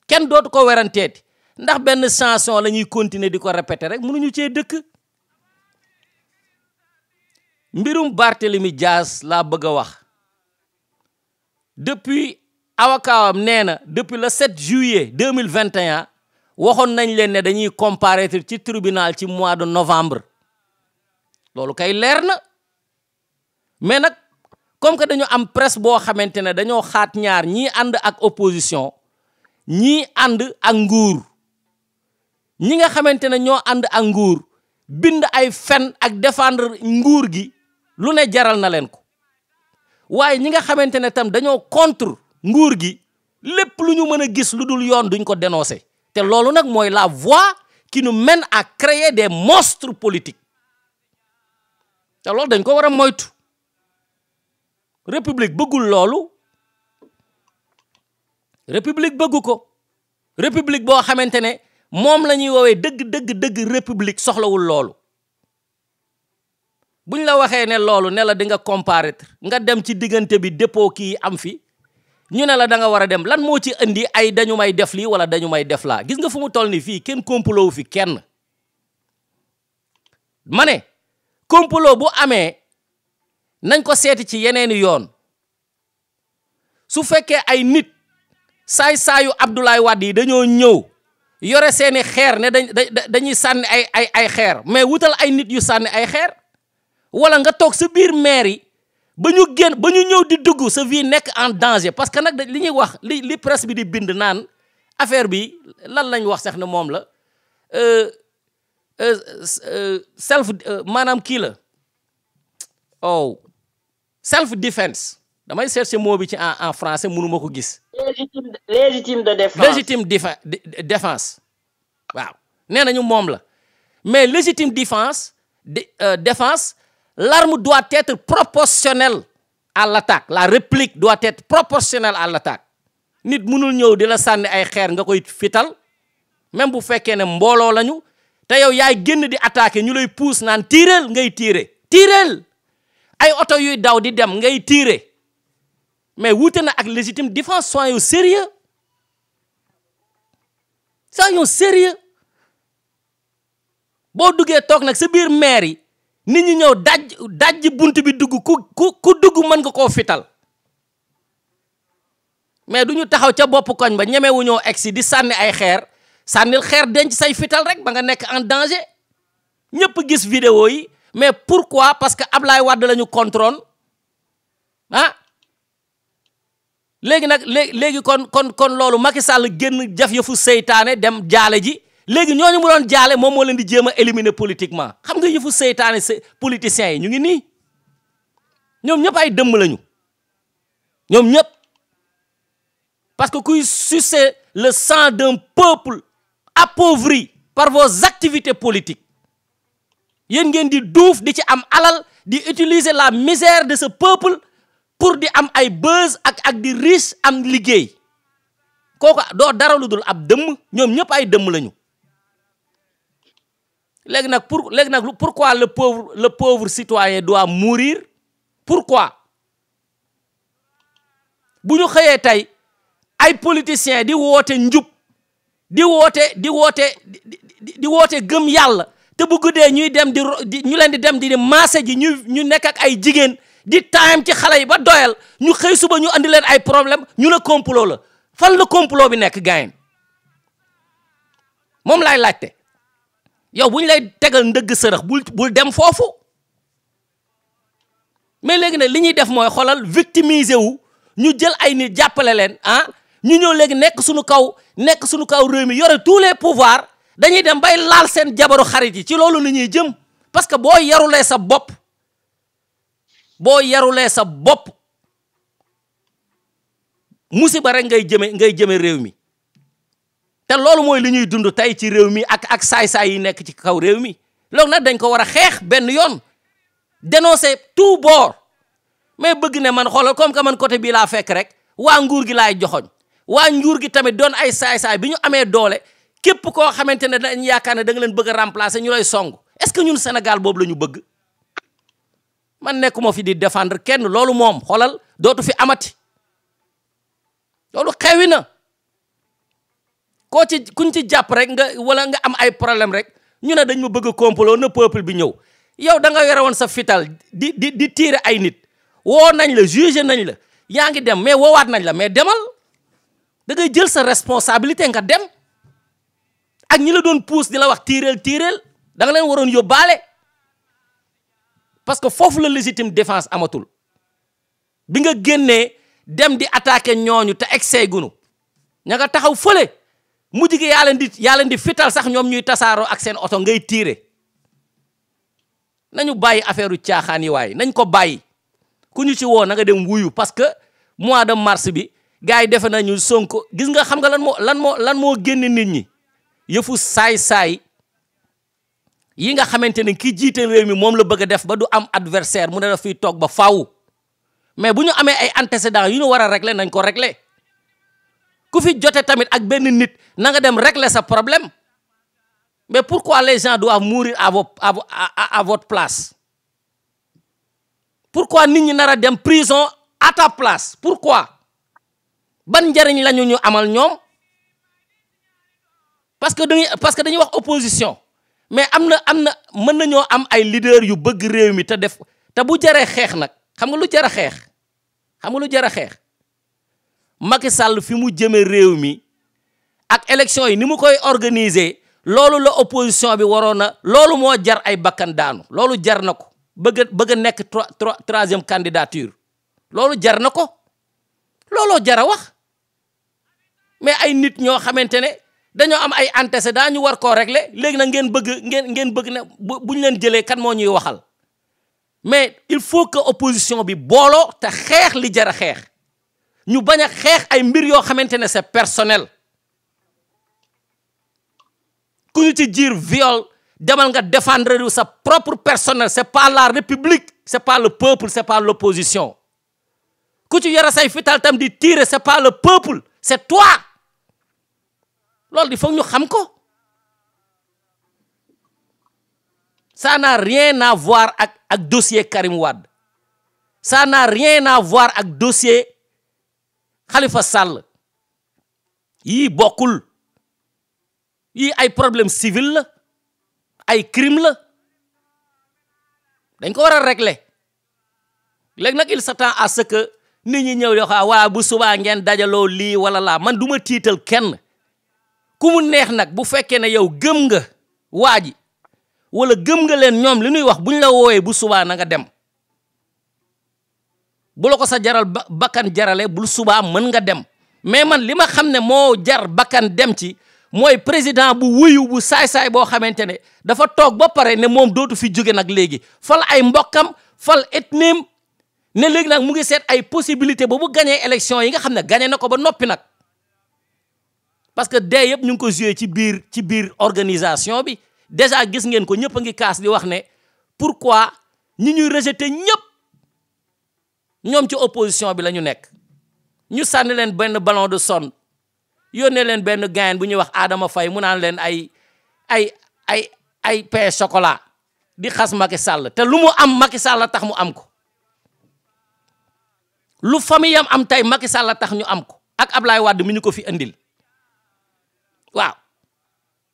kenn dootu ko weranteeti ndax benn chanson la ñuy continuer di ko répéter rek ñu cee dëkk. mbirum Barthélemy Dias laa bëgg a wax depuis awakaawam nee na depuis le 7 juillet 2021 waxoon nañ leen ne dañuy comparaître ci tribunal ci mois de novembre loolu kay leer na mais nag. comme que dañoo am presse boo xamante ne dañoo xaat ñaar ñii ànd ak opposition ñii ànd ak nguur ñi nga xamante ne ñoo ànd ak nguur bind ay fen ak défendre nguur gi lu ne jaral na leen ko waaye ñi nga xamante ne tam dañoo contre nguur gi lépp lu ñu mën a gis lu dul yoon duñ ko dénoncer te loolu nag mooy la voie qui nous mène à créer des monstres politiques te loolu dañ ko war a moytu Republik bëggul loolu Republik bëggu ko république boo xamante ne moom la ñuy woowee dëgg dëgg dëgg république soxlawul loolu buñ la waxee ne loolu ne la di nga comparaître nga dem ci diggante bi dépôt kii am fi ñu ne la da nga war a dem lan moo ci indi ay dañu may def lii wala dañu may def laa gis nga fu mu toll ni fii kenn complot wu fi kenn ma ne complot bu amee nañ ko seeti ci yeneeni yoon su fekkee ay nit saay-saayu Abdoulaye Wade yi dañoo ñëw yore seeni xeer ne dañuy sànni ay ay ay xeer mais wutal ay nit yu sànni ay xeer wala nga toog sa biir maire yi ba ñu génn ba ñu ñëw di dugg sa vie nekk en danger parce que nag li ñuy wax li li bi di bind naan affaire bi lan lañ wax sax ne moom la euh, euh, euh, self maanaam kii la oh self défense vais chercher mot en en français légitime de défense légitime défense waaw mais légitime défense euh, défense l'arme doit être proportionnelle à l'attaque la réplique doit être proportionnelle à l'attaque nit nous la ay nga koy même bu nous un lañu te yow yaay di ay auto yu daw di dem ngay tirer mais wouté na ak légitime défense soyons sérieux soyons sérieux bo duggé tok nak sa bir maire ni ñi ñew daj daj buntu bi dugg ku ku dugg man nga ko fital mais duñu taxaw ca bop koñ ba ñemewu wuñu egsi di sanni ay xeer sanni xeer denc say fital rek ba nga nek en danger ñëpp gis vidéo yi mais pourquoi parce que Ablaye Wade la ñu contrôle ah léegi nag léegi kon kon kon loolu Macky Sall génn jaf yëfu seytaane dem jaale ji léegi ñooñu mu roon jaale moom moo leen di jéem a éliminer politiquement xam nga yëfu seytaane politiciens yi ñu ngi nii ñoom ñëpp ay dëmm lañu ñoom ñëpp parce que kuy sucer le sang d'un peuple appauvri par vos activités politiques yéen ngeen di duuf di ci am alal di utiliser la misère de ce peuple pour di am ay buzz ak ak di riche am liggéey kooku doo dara lu dul ab dëmm ñoom ñëpp ay dëmm lañu léegi nag pour léegi nag pourquoi le pauvre le pauvre am doit mourir pourquoi bu ñu xëyee tey ay politiciens di woote njub di woote di woote di woote gëm yàlla te bu guddee ñuy dem di ñu leen di dem di maase ji ñu ñu nekk ak ay jigéen di time ci xale yi ba doyal ñu xëy suba ñu andi leen ay problème ñu ne complot la fan la complot bi nekk gaayen moom laay laajte yow bu ñu lay tegal ndëgg sërëx bul bul dem foofu mais léegi ne li ñuy def mooy xolal victimiser wu ñu jël ay ni jàppale leen ah ñu ñëw léegi nekk suñu kaw nekk suñu kaw réew mi yore tous les pouvoirs dañuy dem bay laal seen jabaru xarit yi ci loolu lu ñuy jëm parce que boo yarulee sa bopp boo yarulee sa bopp musiba rek ngay jëme ngay jëme réew mi te loolu mooy lu ñuy dund tey ci réew mi ak ak saay-saay yi nekk ci kaw réew mi loolu nag dañ ko war a xeex benn yoon dénoncer tout bord mais bëgg ne man xoolal comme que man côté bii laa fekk rek waa nguur gi laay joxoñ waa nguur gi tamit doon ay saay-saay bi ñu amee doole képp koo xamante ne dañ yaakaar ne danga leen bëgg a remplacer ñu lay song est-ce que ñun Sénégal boobu la ñu bëgg man nekkuma fi di défendre kenn loolu moom xoolal dootu fi amati loolu xewi na koo ci kuñ ci jàpp rek nga wala nga am ay problème rek ñu ne dañ ma bëgg a complot na peuple bi ñëw yow da nga yore woon sa fital di di di tiire ay nit woo nañ la jugé nañ la yaa ngi dem mais woowaat nañ la mais demal da jël sa responsabilité nga dem ak ñi la doon puus di la wax tiireel tiireel danga la leen waroon yóbbaale parce que foofu la légitime défense amatul bi nga génnee dem di attaqué ñooñu te egsee gunu ña nga taxaw fële mujj gi yaa leen di yaa leen di fital sax ñoom ñuy tasaaroo ak seen oto ngay tiire nañu bàyyi affaire caaxaan yi waaye nañ ko bàyyi ku ñu ci woo na dem wuyu parce que mois de mars bi gars yi na ñu Sonko gis nga xam nga lan moo lan moo lan nit ñi yëfu sai sai. yi nga xamantene ki jiite réew mi moom la bëgg def ba du am adversaire mu ne la fiy toog ba faaw mais buñu amé ay antécédents yu ñu wara régler nañ ko régler ku fi jote tamit ak ben nit na nga dem régler sa problème mais pourquoi les gens doivent mourir à votre à votre place pourquoi nit ñi nara dem prison à ta place pourquoi ban njariñ lañu ñu amal ñom parce que dañuy parce que dañuy wax opposition mais am na am na mën nañoo am ay leader yu bëgg réew mi te def te bu jaree xeex nag xam nga lu jar a xeex xam nga lu jar a xeex Macky Sall fi mu jëmee réew mi ak élection yi ni mu koy organiser loolu la opposition bi waroon na loolu moo jar ay bakkan daanu loolu jar na ko bëgg a bëgg a nekk trois candidature loolu jar na ko looloo jar a wax mais ay nit ñoo xamante ne. dañoo am ay antécédents ñu war koo le léegi nag ngeen bëgg ngeen ngeen bëgg ne bu ñu leen jëlee kat moo ñuy waxal mais il faut que opposition bi booloo te xeex li jar a xeex ñu bañ a xeex ay mbir yoo xamante ne c'est personnel ku ñu jiir viol demal nga défendre sa propre personnel c'est pas la république c'est pas le peuple c'est pas l'opposition ku ci yara say fital tam di tirer c'est pas le peuple c'est toi lol di que xam ko ça n'a rien à voir avec le dossier Karim ça n'a rien à voir le dossier Khalifa Sall Il y a ay problème civil Il ay crime des crimes. ko wara régler leg nak il s'attend à ce que nit ñi ah, bu wala la man duma ku neex nag bu fekkee ne yow gëm nga waa ji wala gëm nga leen ñoom li ñuy wax buñ la wooyee bu subaa na nga dem bu la ko sa jaral bakkan jarale bul subaa mën nga dem mais man li ma xam ne moo jar bakkan dem ci mooy président bu wuyu bu saay-saay boo xamante ne dafa toog ba pare ne moom dootu fi jóge nag léegi fal ay mbokkam fal etnim ne léegi nag mu ngi seet ay possibilité ba bu gañee élection yi nga xam ne gañee na ko ba noppi nag parce que dès yeb ñu ko jouer ci biir ci biir organisation bi déjà gis ngeen ko ñepp a ngi kaas di wax ne pourquoi ñi ñuy rejeter ñepp ñom ci opposition bi la ñu nekk ñu sànni leen ben ballon de son yone leen ben gain bu ñu wax Adama fay mu naan leen ay ay ay ay pain chocolat di xas Macky Sall te lu mu am Macky Sall tax mu am ko lu famille am tay tey Macky Sall tax ñu am ko ak Ablaye Wade mi ñu ko fi andil waaw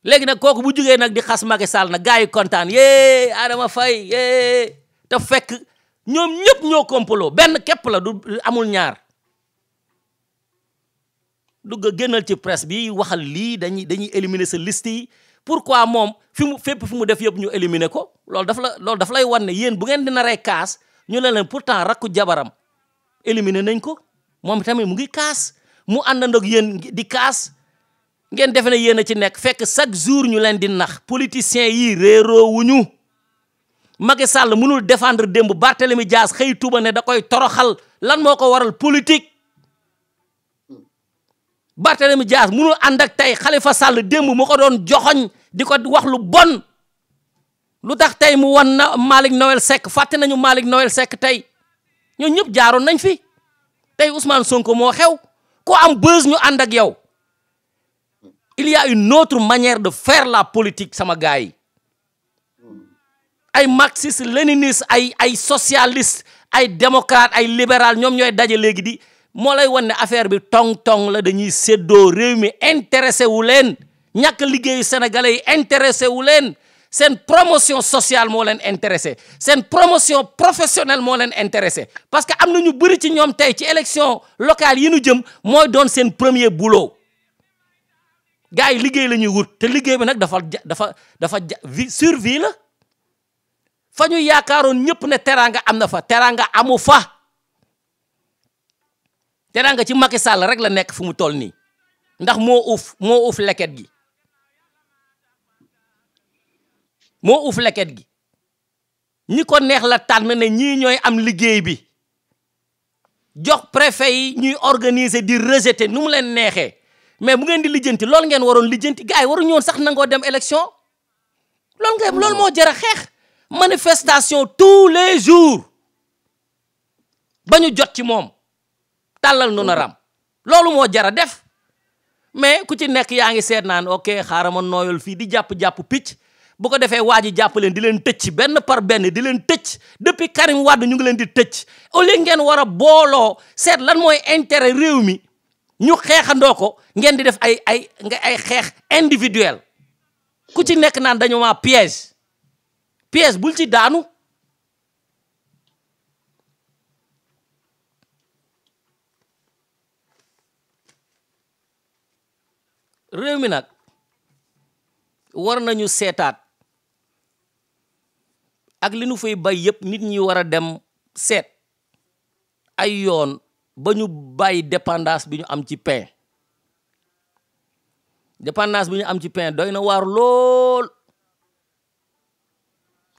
léegi nag kooku bu jógee nag di xas Macky Sall nag gars yi kontaan yee Adama Faye yee te fekk ñoom ñëpp ñoo kompaloo benn képp la du amul ñaar dugg génnal ci presse bi waxal lii dañuy dañuy éliminer sa liste yi pourquoi moom fi mu fépp fi mu def yëpp ñu éliminer ko loolu daf la loolu daf lay wan ne yéen bu ngeen di naree kaas ñu ne leen rakku jabaram éliminer nañ ko moom tamit mu ngi kaas mu àndandoo ak yéen di kaas ngeen defe na yéen a ci nekk fekk chaque jour ñu leen di nax yii yi réeroo wuñu Macky Sall mënul défendre démb Barthélemy Dias xëy tuba ne da koy toroxal lan moo ko waral politique Barthélemy Dias mënul ànd ak tey Khalifa Sall démb mu ko doon joxoñ di ko wax lu bon lu tax tey mu wan na Malick Noël Seck fàtte nañu Malick Noël Seck tey ñoo ñëpp jaaroon nañ fi tey Ousmane Sonko moo xew ku am bës ñu ànd ak yow il y a une autre manière de fair la politique sama gars ay marxiste léniniste ay ay socialiste ay démocrate ay libéral ñoom ñooy daje léegi di moo lay wan ne affaire bi tong-tong la dañuy séddoo réew mi intéressé wu leen ñàkk liggéeyu sénégalais yi intéressé wu leen seen promotion sociale moo leen intéressé seen promotion professionnelle moo leen intéressé parce que am na ñu bëri ci ñoom tey ci élection locale yi ñu jëm mooy doon seen premier boulot gars yi liggéey la ñuy wut te liggéey bi nag dafa dafa dafa vie survie la fa ñu yaakaaroon ñëpp ne teraanga am na fa teraanga amu fa teraanga ci Macky rek la nekk fu mu toll nii ndax moo uuf moo uuf leket gi moo uuf leket gi ñi ko neex la tànn na ñii ñooy am liggéey bi jox préfet yi ñuy organiser di rejeter nu mu leen neexee mais bu ngeen di lijjanti loolu ngeen waroon lijjanti gars yi waruñu woon sax nangoo dem élection loolu nga moo jar a xeex manifestation tous les jours ba ñu jot ci moom tàllal nu na ram loolu moo jar a def mais ku ci nekk yaa ngi seet naan ok xaaral ma nooyal fii di jàpp-jàpp picc bu ko defee waa ji jàpp leen di leen tëcc benn par benn di leen tëcc depuis Karim Wade ñu ngi leen di tëcc au lieu ngeen war a booloo seet lan mooy intérêt réew mi ñu xeexandoo ko ngeen di def ay ay ay xeex individuel ku ci nekk naan dañu maa piège piège bul ci daanu réew mi nag war nañu seetaat ak li nu fay bay yëpp nit ñi war a dem seet ay yoon ba ñu bàyyi dépendance bi ñu am ci pain dépendance bi ñu am ci pain doy na waar lool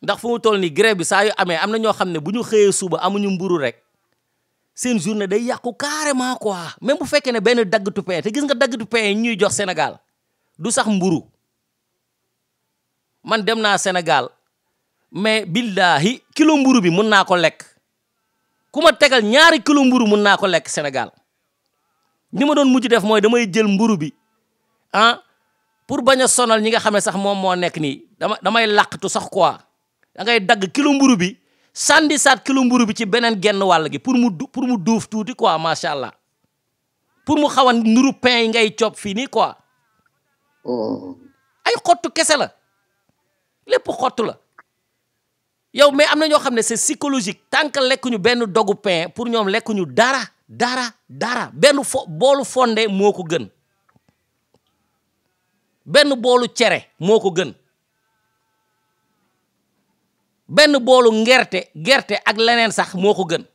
ndax fu mu ni nii bi saa yu amee am na ñoo xam ne bu ñu xëyee suba amuñu mburu rek seen journée day yàqu carrément quoi même bu fekkee ne benn daggatu pain te gis nga daggatu pain yi ñuy jox Sénégal du sax mburu man dem naa Sénégal mais billahi kilo mburu bi mun naa ko lekk kuma tegal ñaari kilo mburu mën naa ko lekk Sénégal ni ma doon mujj def mooy damay jël mburu bi ah pour bañ a sonal ñi nga xam ne sax moom moo nekk nii dama damay làqatu sax quoi da ngay dagg kilo mburu bi sandi saat kilo mburu bi ci beneen genn wàll gi pour mu pour mu duuf tuuti quoi macha allah pour mu xawan nuru pain yi ngay coob fii nii quoi oh. ay xottu kese la xottu la yow mais am na ñoo xam ne c'est psychologique tant que lekkuñu benn dogu pain pour ñoom lekkuñu dara dara dara benn fo boolu fonde moo ko gën benn boolu cere moo ko gën benn boolu ngerte gerte ak leneen sax moo ko gën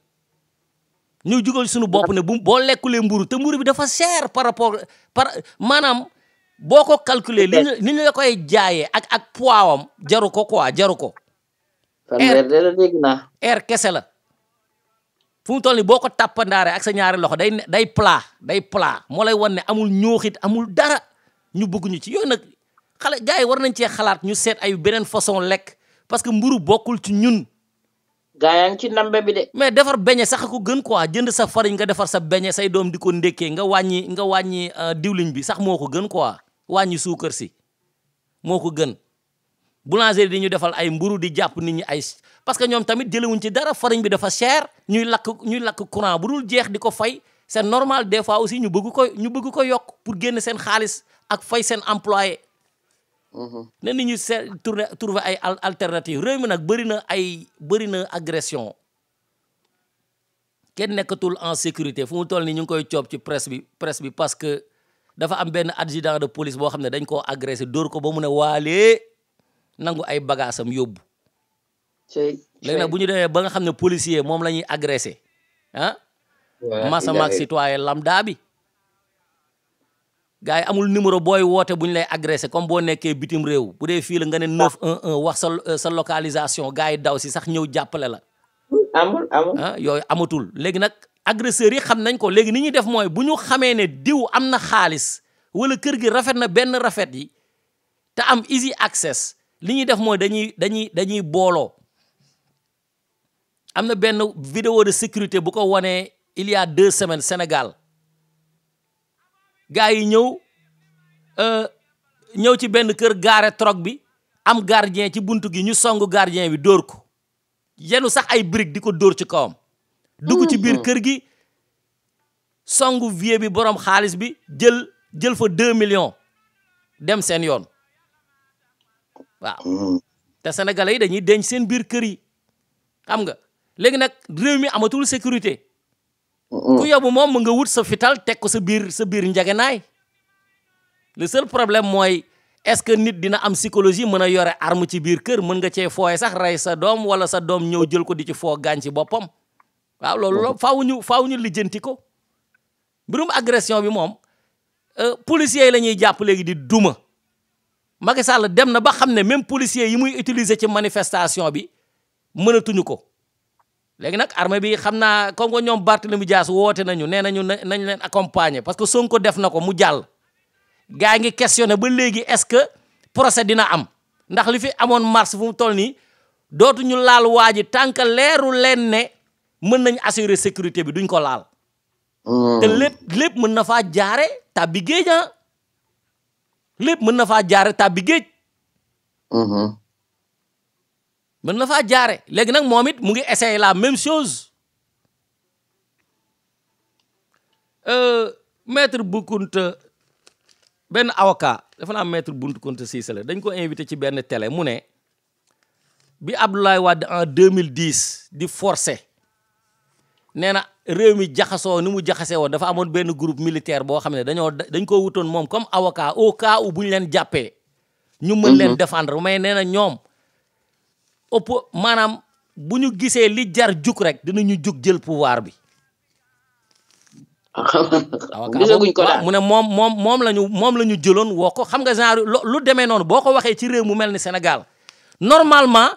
ñu jugal sunu bopp ne bu boo lekkulee mburu te mburu bi dafa cher par rapport par maanaam boo ko calculer li ñu la koy jaayee ak ak poids am jaru ko quoi jaru ko air kese la fu mu toll ni ak sa ñaari loxo day day plat day plat mo lay amul ñoxit amul dara ñu bëgg ñu ci yoy nak xalé gaay war nañ ci xalaat ya ñu seet ay benen façon lek parce que mburu bokul ci ñun gaa yaa ci nambe bi de mais defar beñe sax ko gën quoi jënd sa farign nga defar sa beñe say doom di ndéké nga wañi nga wañi eh, diwliñ bi sax moko gën quoi wañi si mu gën boulangerie di ñu defal ay mburu di jàpp nit ñi ay parce que ñoom tamit jëlewuñ ci dara farine bi dafa cher ñuy lakk ñuy lakk courant bu dul jeex di ko fay seen normal des fois aussi ñu bëgg ko ñu bëgg ko yokk pour génn seen xaalis ak fay seen employé mhm. na ni ñu seet tourner trouver ay alternative réew mi nag bëri na ay bëri na agression kenn nekkatul en sécurité fu mu toll ni ñu ngi koy coob ci presse bi presse bi parce que dafa am benn adjudant de police boo xam ne dañ koo agressé dóor ko ba mu ne waalee nangu ay bagaasam yóbbu. léegi nag bu ñu demee ba nga xam ne policier moom la ñuy agressé ah. masamaak citoyen lambda bi. gars yi amul numéro booy woote bu ñu lay agressé comme boo nekkee bitim réew bu dee fii la nga ne 911 ah. wax sa euh, sa localisation gars yi daw si sax ñëw jàppale la. amul ah, yooyu amatul léegi nag agresseurs yi xam nañ ko léegi ni ñuy def mooy bu ñu xamee ne diw am na xaalis wala kër gi rafet na benn rafet yi te am easy access li ñuy def mooy dañuy dañuy dañuy booloo am na benn video de sécurité bu ko wanee il y a deux semaines Sénégal gars yi ñëw euh, ñëw ci benn kër gaare troc bi am gardien ci buntu gi ñu songu gardien bi dóor ko yenu sax ay briques di ko dóor ci kawam dugg ci biir kër gi songu vieux bi borom xaalis bi jël jël fa deux million dem seen yoon waaw hmm. te sénégalais yi dañuy denc seen biir kër yi xam nga léegi nag réew mi amatul sécurité. Hmm. ku yóbbu moom mu nga wut sa fital teg ko sa biir sa biir njëgënaay. le seul problème mooy est-ce que nit dina am psychologie mën a yore ar mu ci biir kër mën nga cee fooye sax rey sa doom wala sa doom ñëw jël ko di ci foo gaañ ci boppam. waaw hmm. ñu faaw ñu lijjanti agression bi moom euh, policiers yi la ñuy jàpp di duma. Macky Sall dem na ba xam ne même policiers yi muy utiliser ci manifestation bi mënatuñu ko léegi nag armée bi xam naa comme que ñoom Barthélemy Dias woote nañu nee nañu nañ leen accompagner parce que Sonko def na ko mu jàll. gaa ngi questionné ba léegi est-ce que procès dina am ndax li fi amoon mars fu mu toll nii dootuñu laal waa ji tant que leeru leen ne mën nañ assurer sécurité bi duñ ko laal. Hmm. te lépp mën na faa ta bi géej ah. lépp mën na faa jaare tàbbi géej. Mm-hmm. mën na faa jaare léegi nag moom it mu ngi essayer la même chose. Euh, maître Boucounta benn avocat dafa naa maître Boucounta Cissé la dañ ko invité ci benn télé mu ne bi Abdoulaye Wade en 2010 di forcé nee na réew mi jaxasoo ni mu jaxase woon dafa amoon benn group militaire boo xam ne dañoo dañ koo wutoon moom comme avocat au cas où bu ñu leen jàppee. ñu mën leen mhm. défendre ma nee na ñoom ëpp maanaam bu ñu gisee li jar jug rek dinañu jug jël pouvoir bi. *laughs* gisaguñ ko mu ne moom moom moom la ñu moom la ñu jëloon woo ko xam nga genre lu demee noonu boo ko waxee ci réew mu mel ni senegal normalement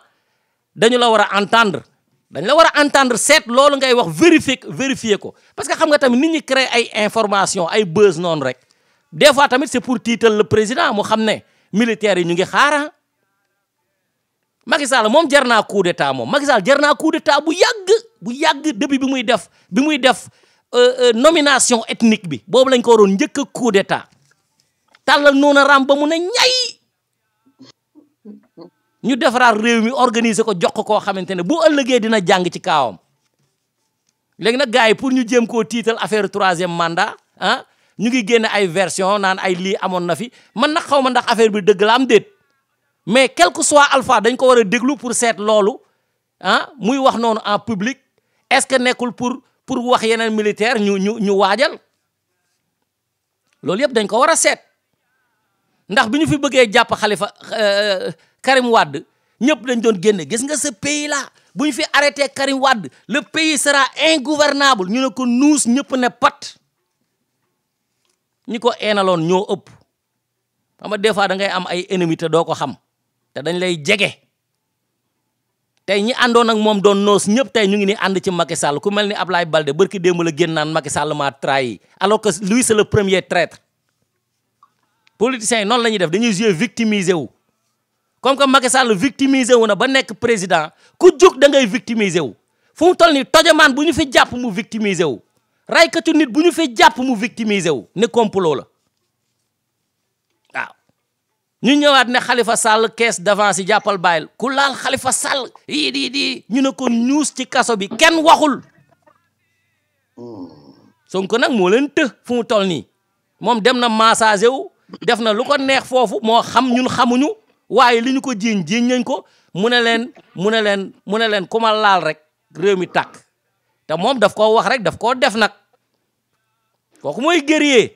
dañu la war a entendre. dañ la war a entendre seet loolu ngay wax vérifier vérifier ko parce que xam nga tamit ni ñi créer ay information ay buzz noonu rek des fois tamit c'est pour tiital la président moo xam ne militaire yi ñu ngi xaara ah. Macky Sall moom jar naa coup d'état moom Macky Sall naa coup d'état bu yàgg bu yàgg depuis bi muy def bi muy def euh, euh, nomination ethnique bi boobu lañ ko waroon njëkk a coup d'état tàllal noonu a ram ba mu na ñay ñu defaraat réew mi organiser ko jox ko koo xamante ne bu ëllëgee dina jàng ci kaawam léegi nag gars yi pour ñu jéem koo tiital affaire troisième mandat ah ñu ngi génne ay version naan ay lii amoon na fi man nag xaw ma ndax affaire bi dëgg la am mais quel soit alpha dañ ko war a déglu pour seet loolu ah muy wax noonu en public est-ce que nekkul pour pour wax yeneen militaire ñu ñu ñu waajal loolu yëpp dañ ko war a seet ndax bi ñu fi bëggee jàpp xalifa euh, Karim Wade ñëpp dañ doon génne gis nga ce pays là bu ñu fi arrêté Karim Wade le pays sera ingouvernable ñu ne nuus ñëpp ne pat ñi ko eenaloon ñoo ëpp xam nga des fois da ngay am ay ennemis te doo ko xam dañ lay jege tey ñi àndoon ak moom doon noos ñëpp tey ñu ngi ni ànd ci Macky Sall ku mel ni Ablaye Balde barki démb la génn naan Macky Sall maa trahi alors que lui le premier traître politiciens yi noonu la ñuy def dañuy jouer victimiser wu. comme que Macky Sall victimisé wona ba nek président ku jóg da ngay victimisé wu fu mu toll nii tojamaan bu fi japp mu victimisé wu raykatu nit buñu fi japp mu victimisé wu ne complot la waaw ñu ñëwaat ne Khalifa Sall caisse d'avance yi jàppal bàyyil ku laal Khalifa Sall yi di di ñu ne ko news ci kaso bi kenn waxul Sonko nag moo leen të fu mu toll nii moom dem na massage wu def na lu ko neex foofu moo xam ñun xamuñu waaye li ñu ko jiiñ jiiñ nañ ko mu ne leen mu ne leen mu ne leen ku laal rek réew mi tàkk te moom daf koo wax rek daf koo def nag kooku mooy guerrier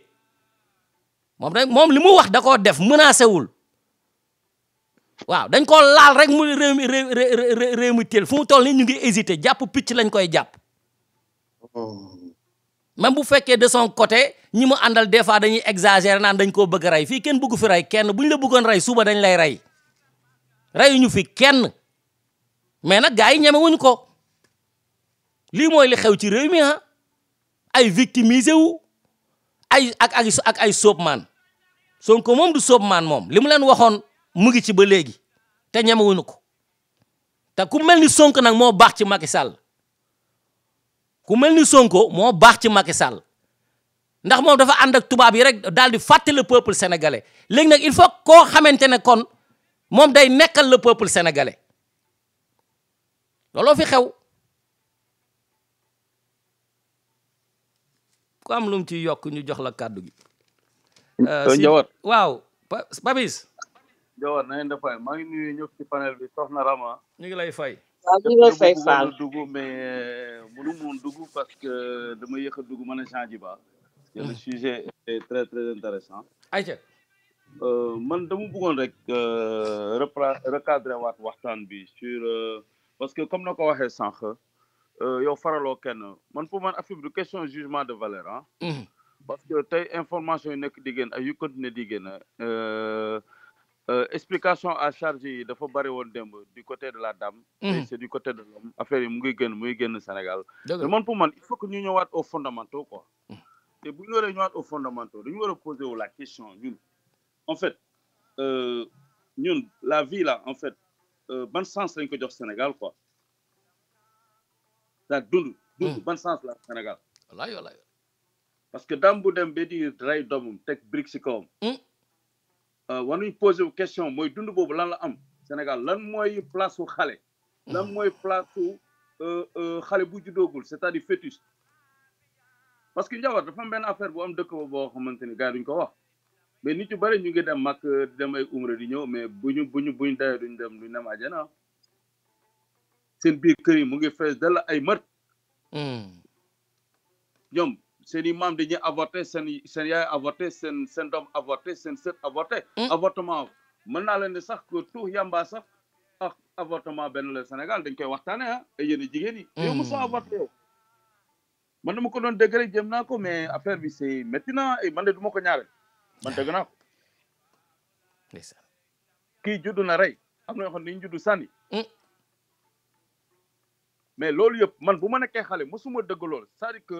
moom rek moom li mu wax da koo def menacé wul waaw dañ koo laal rek mu réew mi réew mi teel fu mu toll nii ñu ngi hésité jàpp picc lañ koy jàpp. Oh. même bu fekkee de son côté ñi mu àndal des fois dañuy exagérer naan dañ koo bëgg a rey fii kenn bëggu fi rey kenn bu ñu la bëggoon rey suba dañ lay ray reyuñu fi kenn mais nag gars yi ko lii mooy li xew ci réew mi ah ay victimisé wu ay ak ak ak ay soopmaan Sonko moom du soopmaan moom li mu leen waxoon mu ngi ci ba léegi te ñemewuñu ko te ku mel ni Sonko nag moo baax ci Macky Sall ku mel ni Sonko moo baax ci Macky Sall ndax moom dafa ànd tubaab yi rek daal di fàtte le peuple sénégalais léegi nag il faut koo xamante ne kon moom day nekkal la peuple sénégalais looloo fi xew ku am lu mu yokk ñu jox la kàddu gi. Euh, euh, Ndiawar waaw Babis. Ndiawar na ngeen di maa ngi nuyu ñëpp ci panel bi soxna Rama. ñu ngi lay fay. waaw ñu ngi fay faal dugg mais parce que dama yéex a dugg mën a changé ba. le hmm. sujet est très intéressant ayca euh, man dama bëggoon rek euh, repra recadré waat waxtaan bi sur euh, parce que comme na ko waxee sànq yow faraloo kenn man pour man affaire bi question jugement de valeur ah. hmm. parce que tey information yi nekk di génn ak yu continuer Euh, explication à charge de dafa bari du côté de la dame. Mhm. c'est du côté de l'homme affaire yi mu ngi Sénégal. Le monde pour moi, il faut que nous ñëwaat aux fondamentaux quoi. Mhm. Et bu ñu nous ñëwaat aux fondamentaux Nous nous poser la question Nous, en fait euh, nous la vie là en fait euh, bon sens c'est ko jox Sénégal quoi daa dund. Mhm. ban sens au Sénégal. wallaahi wallaahi parce que dame bu dem ba di rey doomam teg brique Euh, war nañu posé question mooy dund boobu lan la am Sénégal lan mooy place su xale. lan mm-hmm. mooy place su euh, euh, xale bu juddoogul c'est-à-dire fœtus. parce que Ndiawar dafa am benn affaire bu am dëkk boo xamante ni gars yi duñ ko wax mais nit ñu bëri ñu ngi dem mag dem ay umra di ñëw mais bu ñu bu ñu bu ñu dawee duñ dem duñ dem àjjana seen biir kër yi mu ngi fees dala ay mët. Mm. ñoom seen i maam dañuy avorté seen seen yaay avorté seen seen doom avorté seen sët avorté hmm. avortement mën naa leen ne sax que tuux yamba sax ak avortement benn la Sénégal dañ koy waxtaane ah ay yéen jigéen yi yow mosoo hmm. avorté yow man dama ko doon dégg rek naa ko mais affaire bi c'est maintenant man de du ma ko man dégg naa ko kii judd na rey am na yoo xam ne dañu judd sànni hmm. mais loolu yëpp man bu ma nekkee xale mosuma dëgg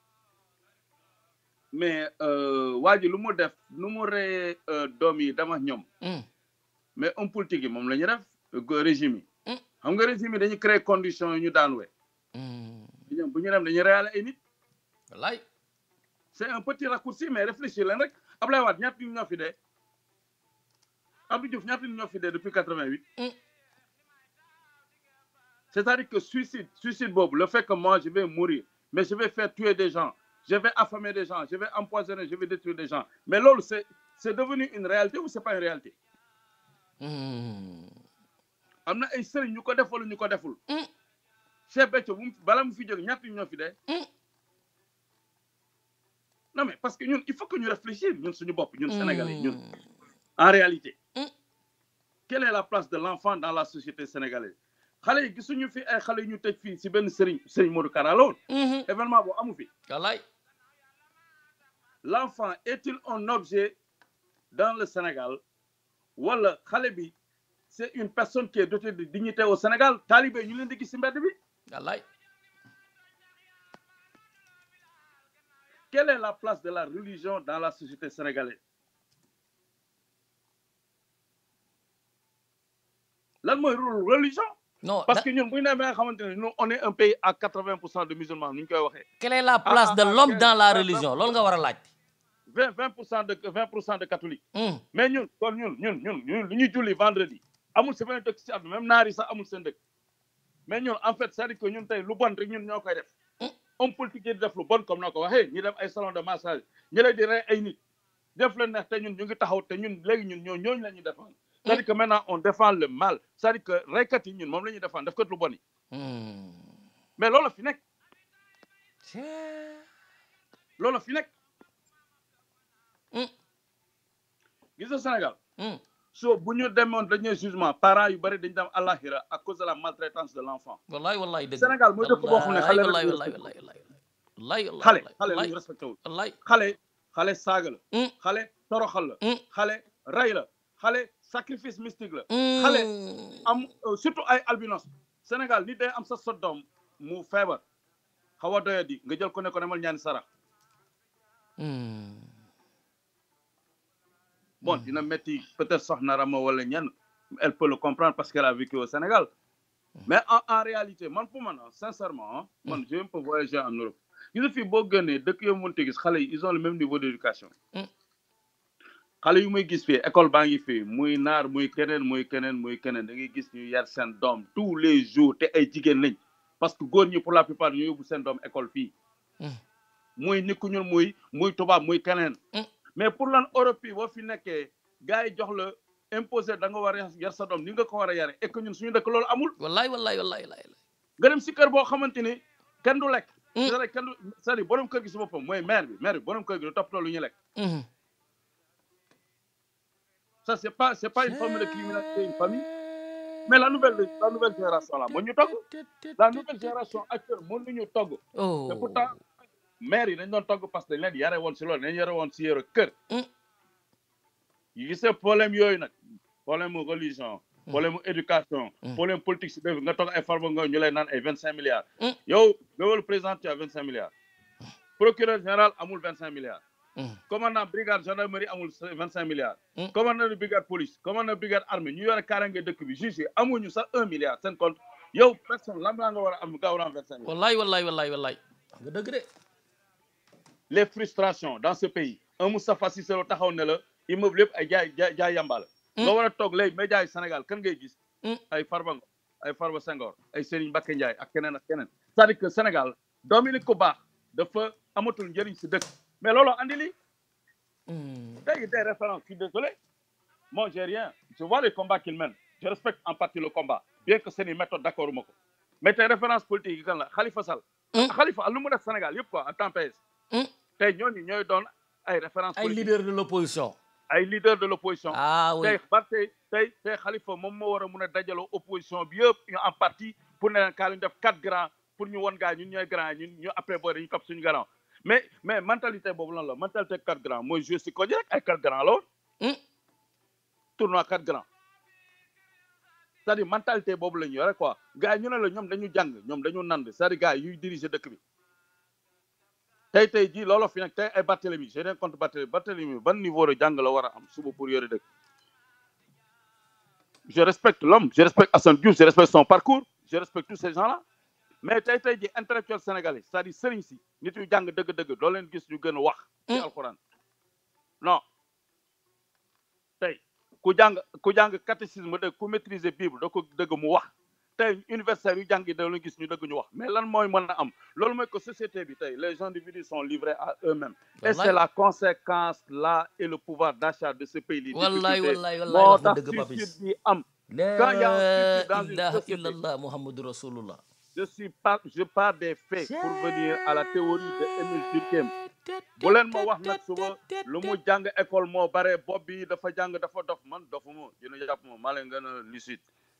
mais euh, ji lu def nu mu ree euh, doom dama ñom mm. mais un politique mom lañu def régime yi. Mm. xam nga régime dañu créer condition ñu daan we mm. ñoom bu ñu dem dañu reyale ay nit. wallaay c'est un petit raccourci mais réfléchir leen rek Ablaye wat ñatt ñu ñoo fi dé Abdou Diouf ñaata nit fi dé depuis 88 c'est à dire que suicide suicide boobu le fait que moi je vais mourir mais je vais faire tuer des gens je vais affamer des gens, je vais empoisonner, je vais détruire des gens. Mais lol, c'est c'est devenu une réalité ou c'est pas une réalité. Hmm. Amna ay sëriñ ñu ko def wala ñu ko deful. Hmm. Cheikh Béthio bu balam fi jog ñatt ñoo fi dé. Hmm. non mais parce que ñun il faut que nous réfléchir ñun suñu bop ñun sénégalais ñun. en réalité. quelle est la place de l'enfant dans la société sénégalaise xale yi gisuñu fi ay xale ñu tej fi si benn sëriñ sëriñ Modou Kara événement bo amu fi l'enfant est-il un objet dans le Sénégal Ou xale c'est une personne qui est dotée de dignité au Sénégal Talibé, ñu leen quelle est la place de la religion dans la société sénégalaise La religion non parce que nous on est un pays à 80% de musulmans quelle est la place ah, de ah, l'homme dans la religion 20% de 20% de catholiques. Hmm. mais nous, nous, nous, nous, nous Nous nous vendredi amul même mais nous, en fait cest que nous bon nous hmm. comme nous nous salon de massage nous nous nous nous nous nous cest dire que maintenant on défend le mal cest dire que nous, nous, nous, nous mais gis nga Sénégal. Hmm. so bu ñu demoon dañuy jugement parents yu bari dañu dem àllaaxira à cause de la maltraitance de l' enfant. wallaay wallaay dëgg Sénégal mooy dëkk boo xam ne xale la ñu xale xale la ñu respecté wul. xale xale xale toroxal hmm. xale sacrifice mystique hmm. xale euh, surtout ay albinos Sénégal nit day am sa sa doom mu feebar xaw a doyadi nga jël ko ne ko ñaani sarax. bon mm. dina peut-être soxna Rama wala elle peut le comprendre parce qu'elle a vécu au Sénégal mm. mais en en réalité man pour man hein, sincèrement bon hein, mm. j'aime un voyager en Europe gis nga fii boo génnee dëkk yoo mënti gis ils ont le même niveau d'éducation xale yu muy gis fii école baa ngi fii muy naar muy kenen muy kenen muy keneen da ngay gis ñu yar seen doom tous les jours te ay jigéen lañ parce que góor pour la plupart ñu yobu sen dom école fi muy nit ku muy muy toba muy kenen mais pour lan Europe yi boo fi nekkee gars yi jox la imposé da nga war a yar sa doom ni nga ko wara yare et que ñun suñu dëkk lool amul. wallahi wallahi wallahi wallaay. nga dem si kër boo xamante ni kenn du lek dara à kenn du cest borom kër gi si boppam moy maire bi maire bi borom kër gi top toppatoo ñu lek mm-hmm. ça c'est pas c'est pas une forme de criminalité une famille. mais la nouvelle la nouvelle génération là mo ñu togg. la nouvelle génération actuelle mo ñu togg. Oh. te pourtant maire yi dañ doon togg parce que dañ leen yare woon si loolu dañ yare woon mm. si yore kër yu gisee problème yooyu nag problème mu religion mm. problème éducation mm. problème politique si def nga toog ay farba nga ñu lay naan ay vingt cinq milliards yow le président tu as vingt cinq milliards procureur général amul vingt cinq milliards commandant brigade gendarmerie amul vingt cinq milliards commandant de brigade police commandant brigade armée ñu yore kaaraange dëkk bi juge amuñu sax un milliard seen compte yow personne lam laa nga war a am 25 vingt cinq milliards wallaay wallaay wallaay wallaay nga dëgg de les frustrations dans ce pays un Moustapha Cissé Lo taxaw ne la immeuble yëpp ay jaay jaay jaay yamba la. Hmm. nga war a toog Sénégal kan ngay gis. Hmm. ay Farba Ngom ay Farba Senghor ay Serigne Mbacké Ndiaye ak keneen ak keneen. c'est-à-dire que Sénégal Dominique nit de feu, dafa amatul njëriñ si dëkk mais lolo, andi lii. tey hmm. des références je suis désolé moi j'ai rien je vois les combats qu'il mène je respecte en partie le combat bien que ne i méthode d'accord ma mais tes référence politique yi kan la Khalifa Sall. Khalifa lu mu def Sénégal yëpp quoi en temps PS. tey ñooñu ñooy doon ay référence ay leader de l'opposition ay leader de l'opposition ah oui tey bar tey tey Khalifa moom moo war a mun a dajaloo opposition bi yëpp ñu en partie pour ne leen kaa ñu def quatre grands pour ñu won gaa ñu ñooy grand ñu après booy dañu topp suñu mais mais mentalité boobu la mentalité quatre grands mooy joué si ko rek ay quatre grands la woon hmm. tournoi quatre grands c'est-à-dire mentalité boobu la ñu yore quoi gars ñu ne la ñoom dañu jàng ñoom dañu nand c'est-à-dire gars yuy diriger dëkk bi tay tay jii lolo fi nag tay ay Barthélemy j'ai rien contre Barthélemy Barthélemy ban niveau de jang la wara am suba pour yori deug je respecte l'homme je respecte Assane Diouf je respecte son parcours je respecte tous ces gens-là mais tay tay ji intellectuel sénégalais c'est-à-dire serigne si nit yu jàng deug dëgg doo leen gis ñu gën wax ci mm. alcorane non tay ku jang ku jang catéchisme de ku maîtriser bible da ko deug mu wax tay universitaires yu jàng da lañu gis ñu dëgg ñu wax mais lan mooy mën a am loolu mooy que société bi tay les individus sont livrés à eux-mêmes et c'est la conséquence là et le pouvoir d'achat de ce pays li wallaay wallaay wallaay moo tax suicide bi am quand il y a un dans une société Rasulullah je suis pas je pars des faits pour venir à la théorie de Emile Durkheim bu leen ma wax nag suba lu mu jàng école moo bare bopp bi dafa jàng dafa dof man dofuma dina jàpp ma maa leen gën a lucide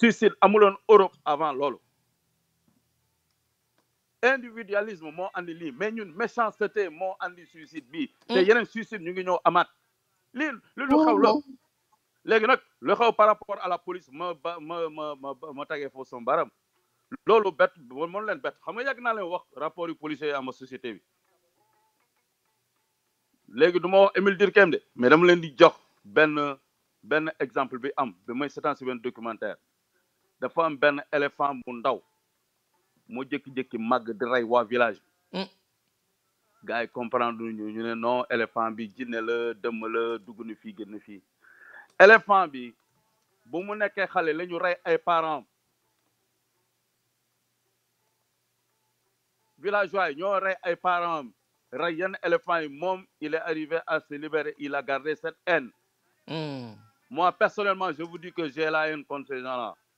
suicide en Europe avant l'eau individualisme mais méchanceté mon andi suicide y mm. té suicide ñu ngi ñow amaat li lu mm. la par rapport à la police ma ma baram bet bet. xam nga rapport société bi wax de mais dama leen di jox exemple bi am documentaire dafa am ben éléphant bu ndaw mo jékki-jékki mag di ray wa village bi hmm. gars comprendre ñu ñu ne non éléphant bi jinne la dëmm la dugg fi fii fi éléphant bi bu mu nekké xalé la ñu rey ay parents villageois yi ñoo ray ay parents éléphant il est arrivé à se libérer il a gardé cette haine hmm. moi personnellement je vous dis que j'ai la haine contre ces gens-là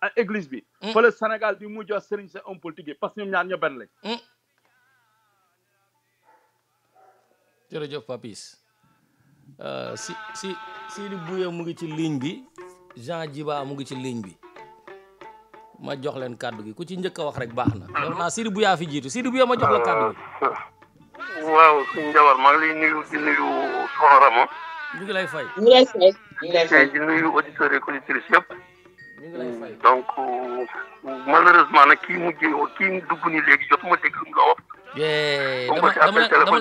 Ah, église bi. Mm. fële Sénégal di mujj a sëriñ sa homme politique yi que ñoom ñaar ñoo benn lañ. Mm. jërëjëf Papis euh, si si Sidi Bouya mu ngi ci ligne bi Jean Djiba mu ngi ci ligne bi ma jox leen kàddu gi ku ci njëkk a wax rek baax na. Ah. yow naa Sidi Bouya fi jiitu Sidi Bouya ma jox kàddu gi. Ah, waaw suñu jabar maa ngi lay nuyu di nuyu Soxna Rama. ñu lay fay. ñu ngi lay fay hmm. donc malheureusement nag kii mujj kii dugg ni léegi jotuma dégg lu la wax eh, dama dama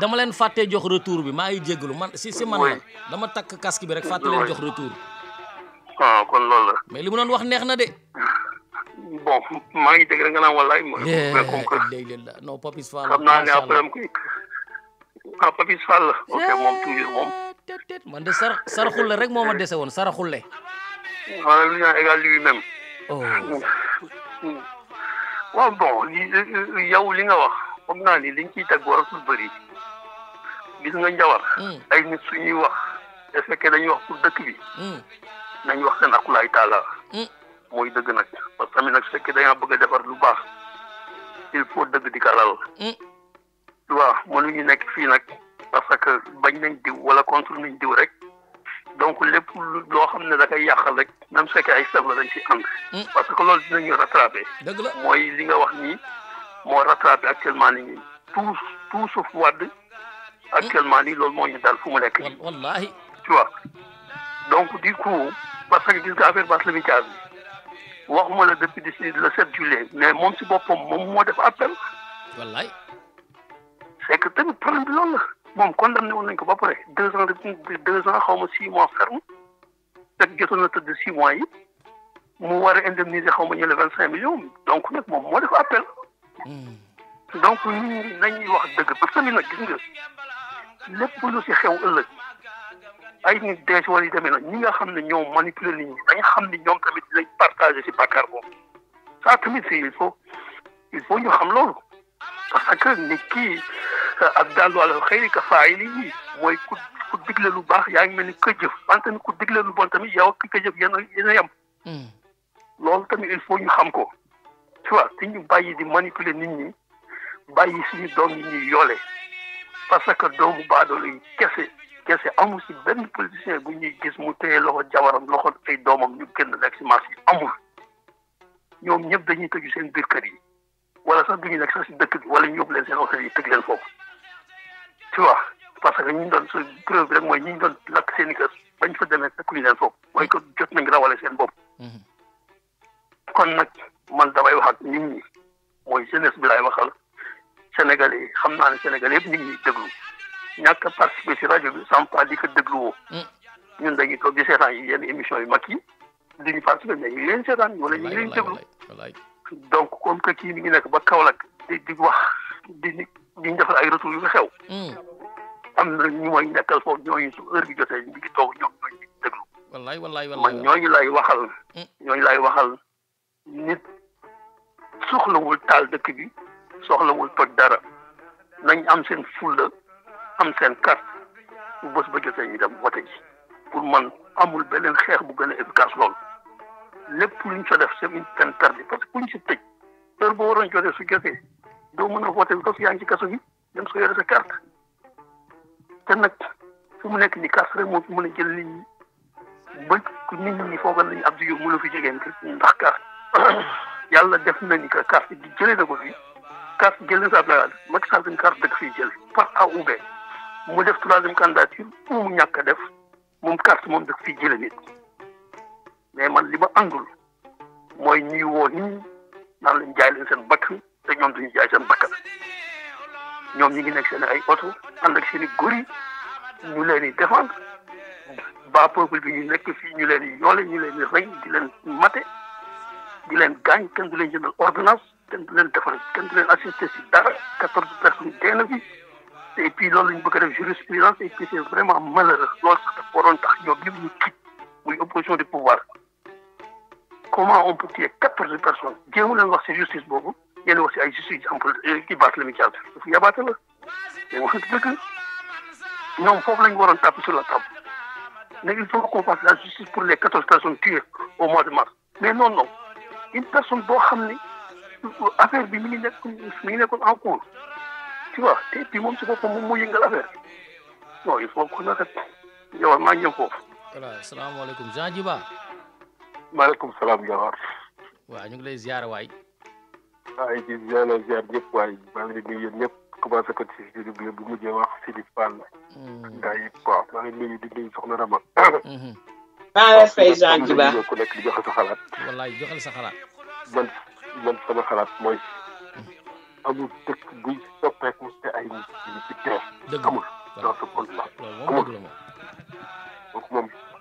dama leen fàttee jox retour bi maa ngi jégalu man si si man la dama takk casque bi rek fàtte leen jox retour ah kon loolu la mais li mu doon wax neex na de bon maa ngi dégg rek nga naan wallaay ma eh, léegi la non papis fall xam naa ne après ko ah papis fall ok moom toujours moom man de sar saraxul la rek moo ma dese woon saraxul la Voilà l'union égale lui-même. Oh. *laughs* waaw bon li li nga wax xam naa ni liñ ciy teg waratul bëri gis nga njawar hmm. ay nit ñuy wax te fekkee dañuy wax pour dëkk bi hmm. nañ wax seen akulaay taala hmm. mooy dëgg nag parce que tamit nag fekkee dañaa bëgg a defar lu baax il faut dëgg di ko lal waaw mënuñu nekk fii nag parce que bañ nañ diw wala contre nañ diw rek donc lépp loo xam ne da koy yàqal rek même su fekkee ay sëb la dañ ci ànd. Hmm. parce que loolu dinañu rattrapé. dëgg la mooy li nga wax nii moo rattrapé actuellement nii tout tout suuf wàdd hmm. actuellement nii loolu moo ñu dal fu mu nekk nii. wallaahi tu vois donc du coup parce que gis nga affaire Barthélémy Dias bi waxuma la depuis d'ici le 7 juillet mais moom si boppam moom moo def appel. wallaay. c'est que tamit la. moom ne woon nañ ko ba pare deux ans de deux ans xaw ma six mois ferme te jotoon na tëdd six mois yi mu war a indemniser xaw ma ñu le vingt cinq millions donc nag moom moo def appel. donc ñun nañuy wax dëgg parce que tamit nag gis nga lépp lu ci xew ëllëg ay nit dee ci wala yu demee nag ñi nga xam ne ñoom manipuler ni ñi dañ xam ni ñoom tamit dinañ partager si bàkkaar boobu ça tamit si il faut il faut ñu xam lool parce que nit kii euh, ak daal wàllu xëy ka faayili yi mooy ku ku digle lu baax yaa ngi mel ni ka jëf wante ni ku digle lu bon tamit yow ak ka jëf yéen a yéen a yem. Hmm. loolu tamit il faut ñu xam ko. tu vois te ñu bàyyi di manipuler nit ñi bàyyi suñu doom yi ñuy yoole parce que doomu baadoolo yi kese kese amul si benn politicien bu ñuy gis mu téye loxo jabaram loxo ay doomam ñu génn rek si marché amul ñoom ñëpp dañuy tëju seen biir yi. wala sax duñu nekk sax si dëkk bi wala ñu yóbbu sen seen oto yi tëgg leen foofu tu vois parce que ñu doon su preuve bi rek mooy ñi ñu doon lakk seen i kër bañ fa demee tëkkuñu leen foofu mooy que jot nañ rawale seen bopp. Mhm. kon nag man damay wax ak mooy jeunesse bi laay waxal Sénégalais yi xam naa ne Sénégalais yëpp nit ñi déglu ñàkk a participer si rajo bi sans pas di ko dégluwoo. Mm. ñun dañuy toog di seetaan yi yenn émission yu mag yi duñu participer mais ñu wala ñu ngi leen donc comme que kii mi ngi nekk ba Kaolack di di wax di di defal ay retour yu nga xew. Hmm. am na ñu mooy nekkal foofu ñooñu su heure bi jotee ñu ngi toog ñoom ñooñu di déglu. wallaay wallaay wallaay man ñooñu lay waxal. Hmm. ñooñu lay waxal nit soxlawul taal dëkk bi soxlawul toj dara nañ am seen fulla am seen carte bu bés ba jotee ñu dem wote ji pour man amul beneen xeex bu gën a efficace loolu. lépp luñ ko def seen peine perdue parce que kuñ si tëj heure boo waroon jotee su jotee doo mën a voté parce que yaa ngi ci kaso bi dem soo yore sa carte ten nag fu mu nekk nii carte rek moo fi mën a jël nit ñi ba nit ñi foogal nañu Abdou Diouf mënu fi jege ndax carte *coughs* yàlla def na nañ ko carte bi jëlee na ko fi carte jël na sa Abdoulaye Wade Macky Sall dañ carte dëkk fiy jël par A ou B mu def troisième candidature pour mu ñàkk a def moom carte moom dëkk fi jëlee bi mais man li ma àndul mooy ñuy woo nit naan lañ jaay leen seen bakkan te ñoom duñu jaay seen bakkan ñoom ñu ngi nekk seen ay oto ànd ak seen i yi ñu leen di défendre ba peuple bi ñu nekk fii ñu leen di yoole ñu leen di rey di leen mate di leen gaañ kenn du leen jëndal ordonnance kenn du leen defar kenn du leen assister si dara quatorze personnes dee na fi et puis loolu lañu bëgg a def jurisprudence et puis c'est vraiment malheureux loolu sax dafa waroon tax ñoom ñu kiit muy comment on peut tuer 14 personnes jéemu leen wax si justice boobu yéen wax si ay justice am ci baat la mu caal dafa yabaate la mais waxut dëgg ñoom foofu lañ waroon tàpp sur la table mais il faut qu'on fasse la justice pour les 14 personnes tuées au mois de mars mais non non une personne doit xam L'affaire affaire bi mi en cours tu vois te bi moom si boppam moom moo yëngal non il faut qu'on arrête yow maa ngi ñëw foofu. voilà salaamaaleykum Jean Djiba maaleykum salaam Diawar. waaw ñu ngi lay ziar waay. waaye di ziar la ziar ñëpp waay maa ngi di nuyu yéen ñëpp commencé ko ci studio bi bu mujjee wax Sidi Fall. Hmm. gars yi waaw maa ngi nuyu di nuyu Soxna Rama. Hmm. maa ngi fay Jean ku nekk di joxe sa xalaat. wallaay joxal xalaat. man man sama xalaat mooy. Hmm. amul dëkk buy soppeeku te ay nit ñi ci teew. dëgg amul dans ce monde là amul. kooku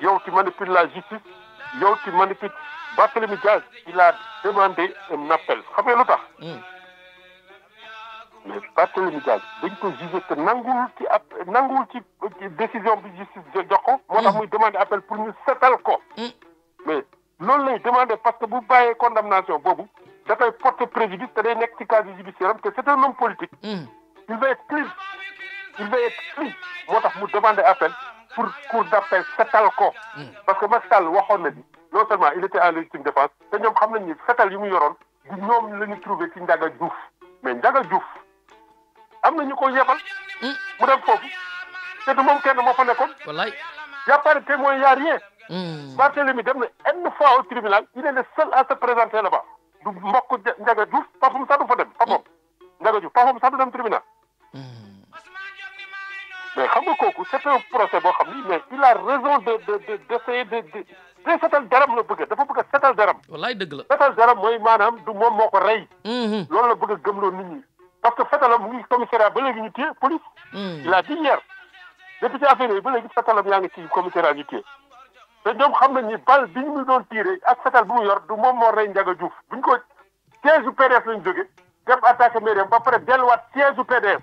yow qui manipule la justice yow qui manipule Barthélemy Diaz il a demandé un appel xam hmm. mais Barthélemy Diaz dañ ko jugé que Nangoul ci décision de justice jox ko. moo tax hmm. demandé appel pour nous setal ko. Hmm. mais l'on lay demandé parce que bu bàyyee condamnation boobu dafay porte préjudice c'est day nekk ci casier judiciaire que c'est un homme politique. il va être pris il va être pris moo tax demandé appel pour cour d'appel fétal ko. Hmm. parce que Macky Sall na ni non seulement il était en légitime défense te ñom xam nañ ni fétal yi mu yoroon du ñoom la trouvé ci Ndiaga Diouf mais Ndiaga Diouf am na ñu ko yebal. Hmm. mu dem fofu c'est du moom kenn mo fa nekkoon. wallahi y' a pas de témoin y' a rien. Hmm. Barthélemy dem na une fois au tribunal il est le seul à se présenter là-bas du mbokk Ndiaga Diouf Pape sa du fa dem. Pape Ndiaga Diouf Pape sa du dem tribunal. mais xam nga kooku c'est un procès boo xam ni mais il a raison de de de deram la bëgg dafa bëgg a setal deram. wallaay dëgg la deram mooy maanaam du moom moo ko rey. Mm-hmm. loolu la bëgg a gëmloo nit ñi. parce que fetalam mu ngi ba léegi ñu téye police. Mm. il a dit hier depuis ba léegi fetalam yaa ngi ci commissariat ñu téye te ñoom xam nañ ñi bal bi ñu doon ak fetal bu mu yor du moom moo rey Ndiaga Diouf bu ñu ko siège u PDS lañ jóge dem attaqué mairie ba pare delluwaat siège u PDS.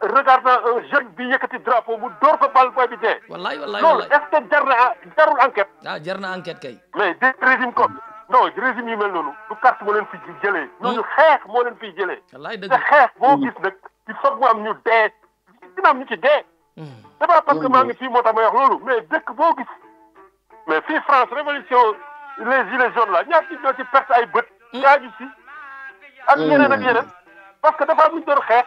regardant un euh, jeune bi yëkkati drapeau mu door ko bal booy bi dee. wallaay wallaay loolu est-ce que jar na jarul enquête. ah jar kay. mais des régime ko non régime yu mel noonu. du carte moo leen fi jëlee. Hmm? ñooñu xeex moo leen fiy jëlee. wallaay dëgg te xeex boo hmm. gis nag il faut mu am ñu dee dina am ñu ci dee. Hmm. c'est pas maa ngi fii moo tax may wax loolu boo gis mais fii France révolution les gilets jaunes la ñaar nit ñoo ci perte ay bët. yaa ngi si. ak yeneen ak yeneen parce que dafa am lu ñu doon xeex.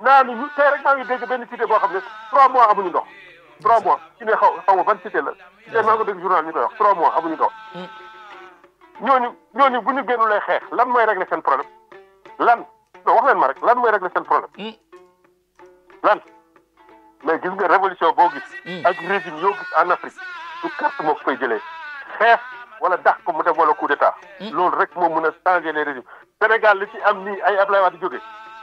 naan ñu tey rek maa ngi dégg benn cité boo xam ne 3 mois amuñu ndox. 3 mois ci ne xaw xaw ma ban cité la. tey maa ngi dégg journal ñu koy wax 3 mois amuñu ndox. Mm. ñooñu ñooñu bu ñu génnulee xeex lan mooy régler seen problème lan non wax leen ma rek lan mooy régler seen problème. Mm. lan mais gis nga révolution boo gis. Mm. ak régime yoo gis en Afrique du carte moo koy jëlee xeex. wala dax ko mu def wala coup d'état. loolu rek moo mën a changer les Sénégal li ci am nii ay Ablaye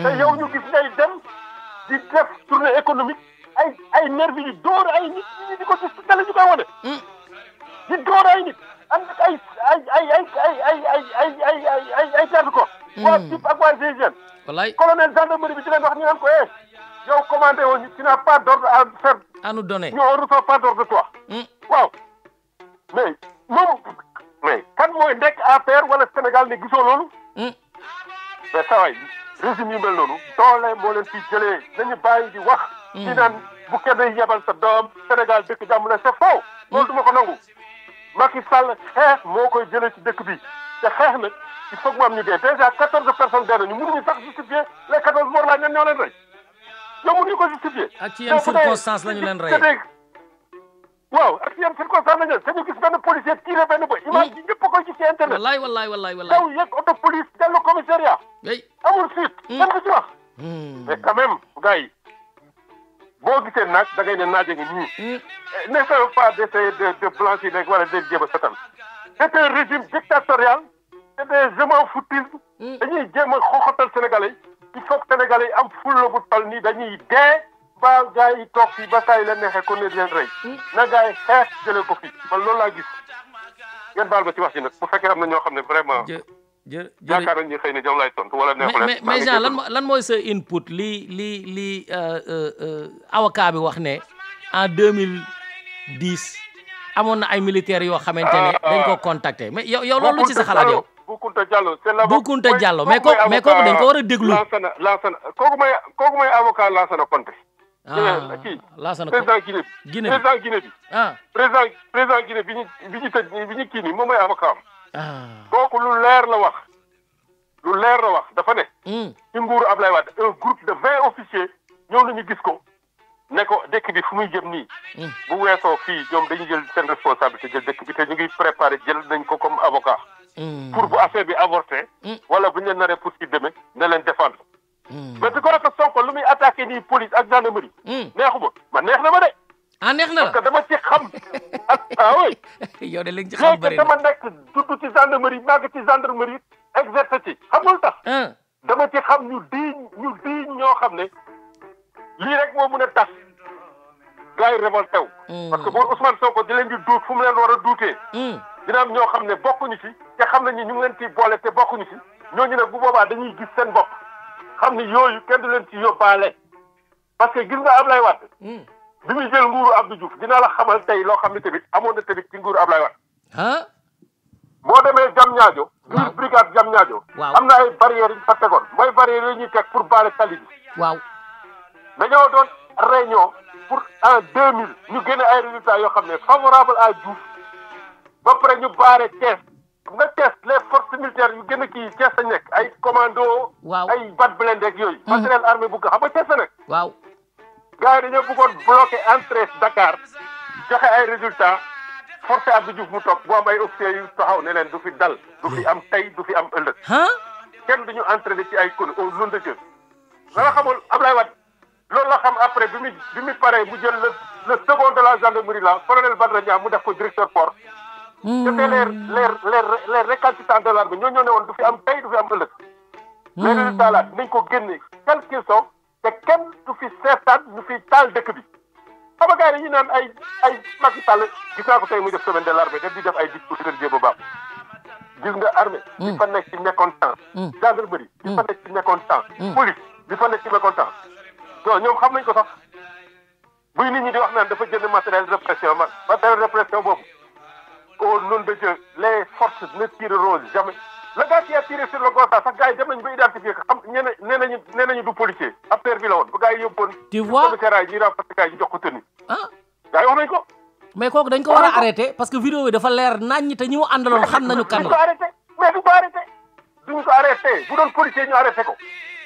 te yow ñu gis ngay dem di def tournée économique ay ay nervi yi door ay nit ñi di ko gis ci télé ñu koy wane. di door ay nit am na ay ay ay ay ay ay ay ay ay ay ay ay garde corps. waa BIP ak waa GIGN. wallaay colonel gendarmerie bi di leen wax ñu naan ko eh yow commandé woon tu n'as pas d'ordre à faire. à donner non on ne pas d'ordre de toi. waaw mais moom mais mooy nekk affaire wala Sénégal ne gisoo loolu. mais saa régime yu mel noonu doole moo leen fi jëlee nañu bàyyi di wax. di naan bu kenn yebal sa doom Sénégal dëkk jàmm la sa faw. loolu du ma ko nangu. Macky Sall xeex moo koy jëlee ci dëkk bi te xeex nag il faut que mu am ñu dee dèjà quatorze personnes dee nañu mënuñu sax justifier les quatorze morts la ñan ñoo leen rey yow mënuñu ko justifier. ak ci yenn circonstances la ñu leen rey waaw ak ci yenn circonstances la ñu gis benn policier tiré benn boy. image koy ci ci internet. wallaay wallaay wallaay wallaay. daw yegg auto police dellu commissariat. oui amul suite. kenn ku ci wax. Hmm. mais quand même gars yi boo gisee naaj da ngay ne naaj a ngi nii. Hmm. Eh, n'essaie pas d'essayer de de blanchir rek wala de jéem a setal. c'est un régime dictatorial. c'est des je m'en foutisme. Hmm. dañuy jéem a xoxatal sénégalais. il faut que sénégalais am fulla bu tal nii dañuy dee. ba gars yi toog fii ba saa yi la neexee ko ne leen rey. na gars yi xeex jëlee ko fii man loolu laa gis. ngeen baal ma wax ji nag bu fekkee am na ñoo xam ne vraiment. jë jë yaakaar nañ ni xëy na jaww Jean lan lan mooy sa input li li li euh, euh, euh, avocat bi wax ne en deux mille dix amoon na ay militaires yoo xamante ne ah, ah. dañ ko contacter mais yow yow loolu ci sa xalaat yow. Boucounta Diallo c'est la Boucounta Diallo mais kooku mais kooku dañ ko war a déglu. Lansana Lansana kooku may kooku may avocat ah laasana ko président Guinée bi. Ah, Guinée bi président Guinée bi. ah président président Guinée bi ñu bi ñu tëj bi ñu kii nii moom mooy avocat am. Ah. kooku lu leer la wax. lu leer la wax dafa ne. Hmm. ci nguuru Ablaye Wade un groupe de vingt officiers ñëw ñu gis ko ne ko dëkk bi fu muy jëm nii. Hmm. bu weesoo fii ñoom dañu jël seen responsabilité jël dëkk bi te ñu ngi préparé jël nañ ko comme avocat. Hmm. pour bu affaire bi avorté. wala bu ñu leen naree pour ci demee ne leen défendre. Hmm. mais bi ko rek Sonko lu muy attaqué nii police ak gendarmerie. Hmm. neexuma man neex na ma de. ah neex na la parce que dama ci xam. ah, ah oui. *laughs* yow de li ci xam bëri na dama nekk dudd ci gendarmerie màgg ci gendarmerie exercer ci xamul tax. Ah. dama ci xam ñu di ñu di ñoo xam ne lii rek moo mun a tas gars yi révolté wu. Hmm. parce que boo Ousmane Sonko di leen di duut fu mu leen war a duutee. dina am ñoo xam ne bokk ñu fi te xam nañ ni ñu ngi leen ciy boole te fi ñoo ñu ne bu boobaa dañuy gis seen bopp. xam ni yooyu kenn du leen ci yóbbaale parce que gis nga Ablaye wat hmm. bi muy jël nguuru Abdou Diouf dina la xamal tey loo xam ne tamit amoon na tamit ci nguuru Ablaye Wade ah boo demee jam ñaajo biir brigade jam ñaajo am na ay barrières yi ñu fa mooy barrières yi ñuy teg pour baare tali bi waaw dañoo doon réunion pour en deux mille ñu génne ay résultats yoo xam ne favorable a Diouf ba pare ñu baare Thiès nga test les forces militaires yu gën a kii Thiès a nekk ay commando waaw ay bat blindé ak yooyu. Mm. matériel armé bu ko xam nga Thiès a nekk. waaw gars yi dañoo bëggoon bloqué entrée Dakar joxe ay résultats forcé Abdou Diouf mu toog boo am ay officiers yu taxaw ne leen du fi dal. du fi am tey du fi am ëllëg. kenn du ñu entraîné ci ay kon au long de jeu. la nga xamul Ablaye loolu la xam après bi muy bi muy paree mu jël le le de la gendarmerie là colonel Badara Niang mu def ko directeur port. defee leer leer leer leer récalcitrant de l'armée ñoo ñoo ne woon du fi am tey du fi am ëllëg hmm. les nañ ko génne quel qu'ils sont te kenn du fi seetaan ñu fi taal dëkk bi xam nga gars yi dañuy naan ay ay Macky Sall gis naa ko tey muy def semaine de l'armée daf di def ay discours religieux bu baax gis nga armée di hmm. fa nekk ci mécontent hmm. gendarmerie di fa nekk ci mécontent police di fa nekk ci mécontent donc ñoom xam nañ ko sax buy nit ñi di wax naan dafa jënd matériel de répression matériel de répression boobu au nom de Dieu les forces ne tireront jamais le gars qui a tiré sur le Golta sax gars yi dem nañu ba identifier ko xam nee du policier affaire bi la woon ba gars yi yóbboon. tu vois commissariat yi ñuy ko tenue. ah gars yi wax nañu ko. mais kooku dañ ko war a arrêté parce que vidéo bi dafa leer naññ te mu àndaloon xam nañu kan la. duñ ko arrêté mais duñ ko arrêté bu doon policier ñu arrêté ko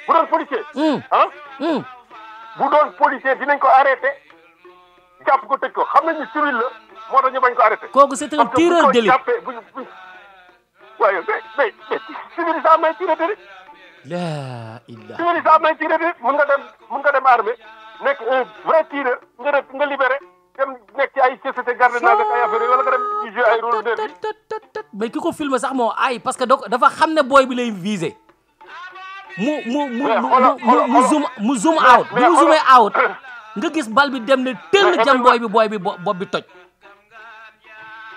bu doon policier. Hmm. ah. Hmm. bu doon policier dinañ ko arrêté jàpp ko tëj xam nañu suril la. moo ñu bañ kooku c'est un tireur d'élite bu ñu ko jàppee bu ñu waaye mais mais mais civil ça laa illah mun nga dem mun nga dem armée nekk un vrai tireur nga def nga libéré dem nekk ci ay société garde naa ak de ki ko filmé sax moo ay parce que dafa xam ne booy bi lay visé. mu mu mu mu zoom out. mu zoomé out nga gis bal bi dem ne teel jam booy bi booy bi toj.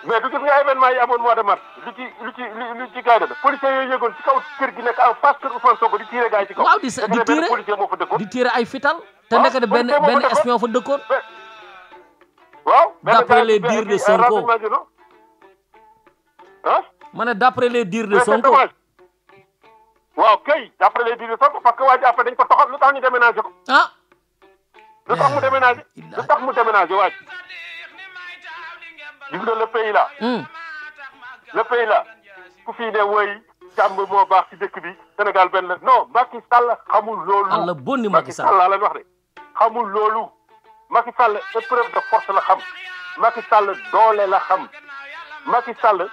mais du gis nga événement yi amoon mois de mars lu ci lu ci lu ci gars yi def policiers yooyu yëgoon ci kaw kër gi nekk en face kër Ousmane Sonko di tiire gars yi ci kaw. waaw di di tiire policier moo fa dëkkoon di tiire ay fital. te nekk na benn benn espion fa dëkkoon. waaw. d'après les dires de Sonko ah. ma ne d'après les dires de Sonko. waaw kay d'après les dires de Sonko parce que waa ji après dañ ko toxal lu tax ñu déménager ko. ah. lu tax mu déménager lu tax mu déménager waa ji gis nga le pays là. Hmm. le ku fii ne woy jàmm moo baax ci dëkk bi Sénégal benn la non Macky Sall xamul loolu. àll bonni Macky Sall la wax de. xamul loolu Macky Sall épreuve de force la xam Macky Sall doole la xam Macky Sall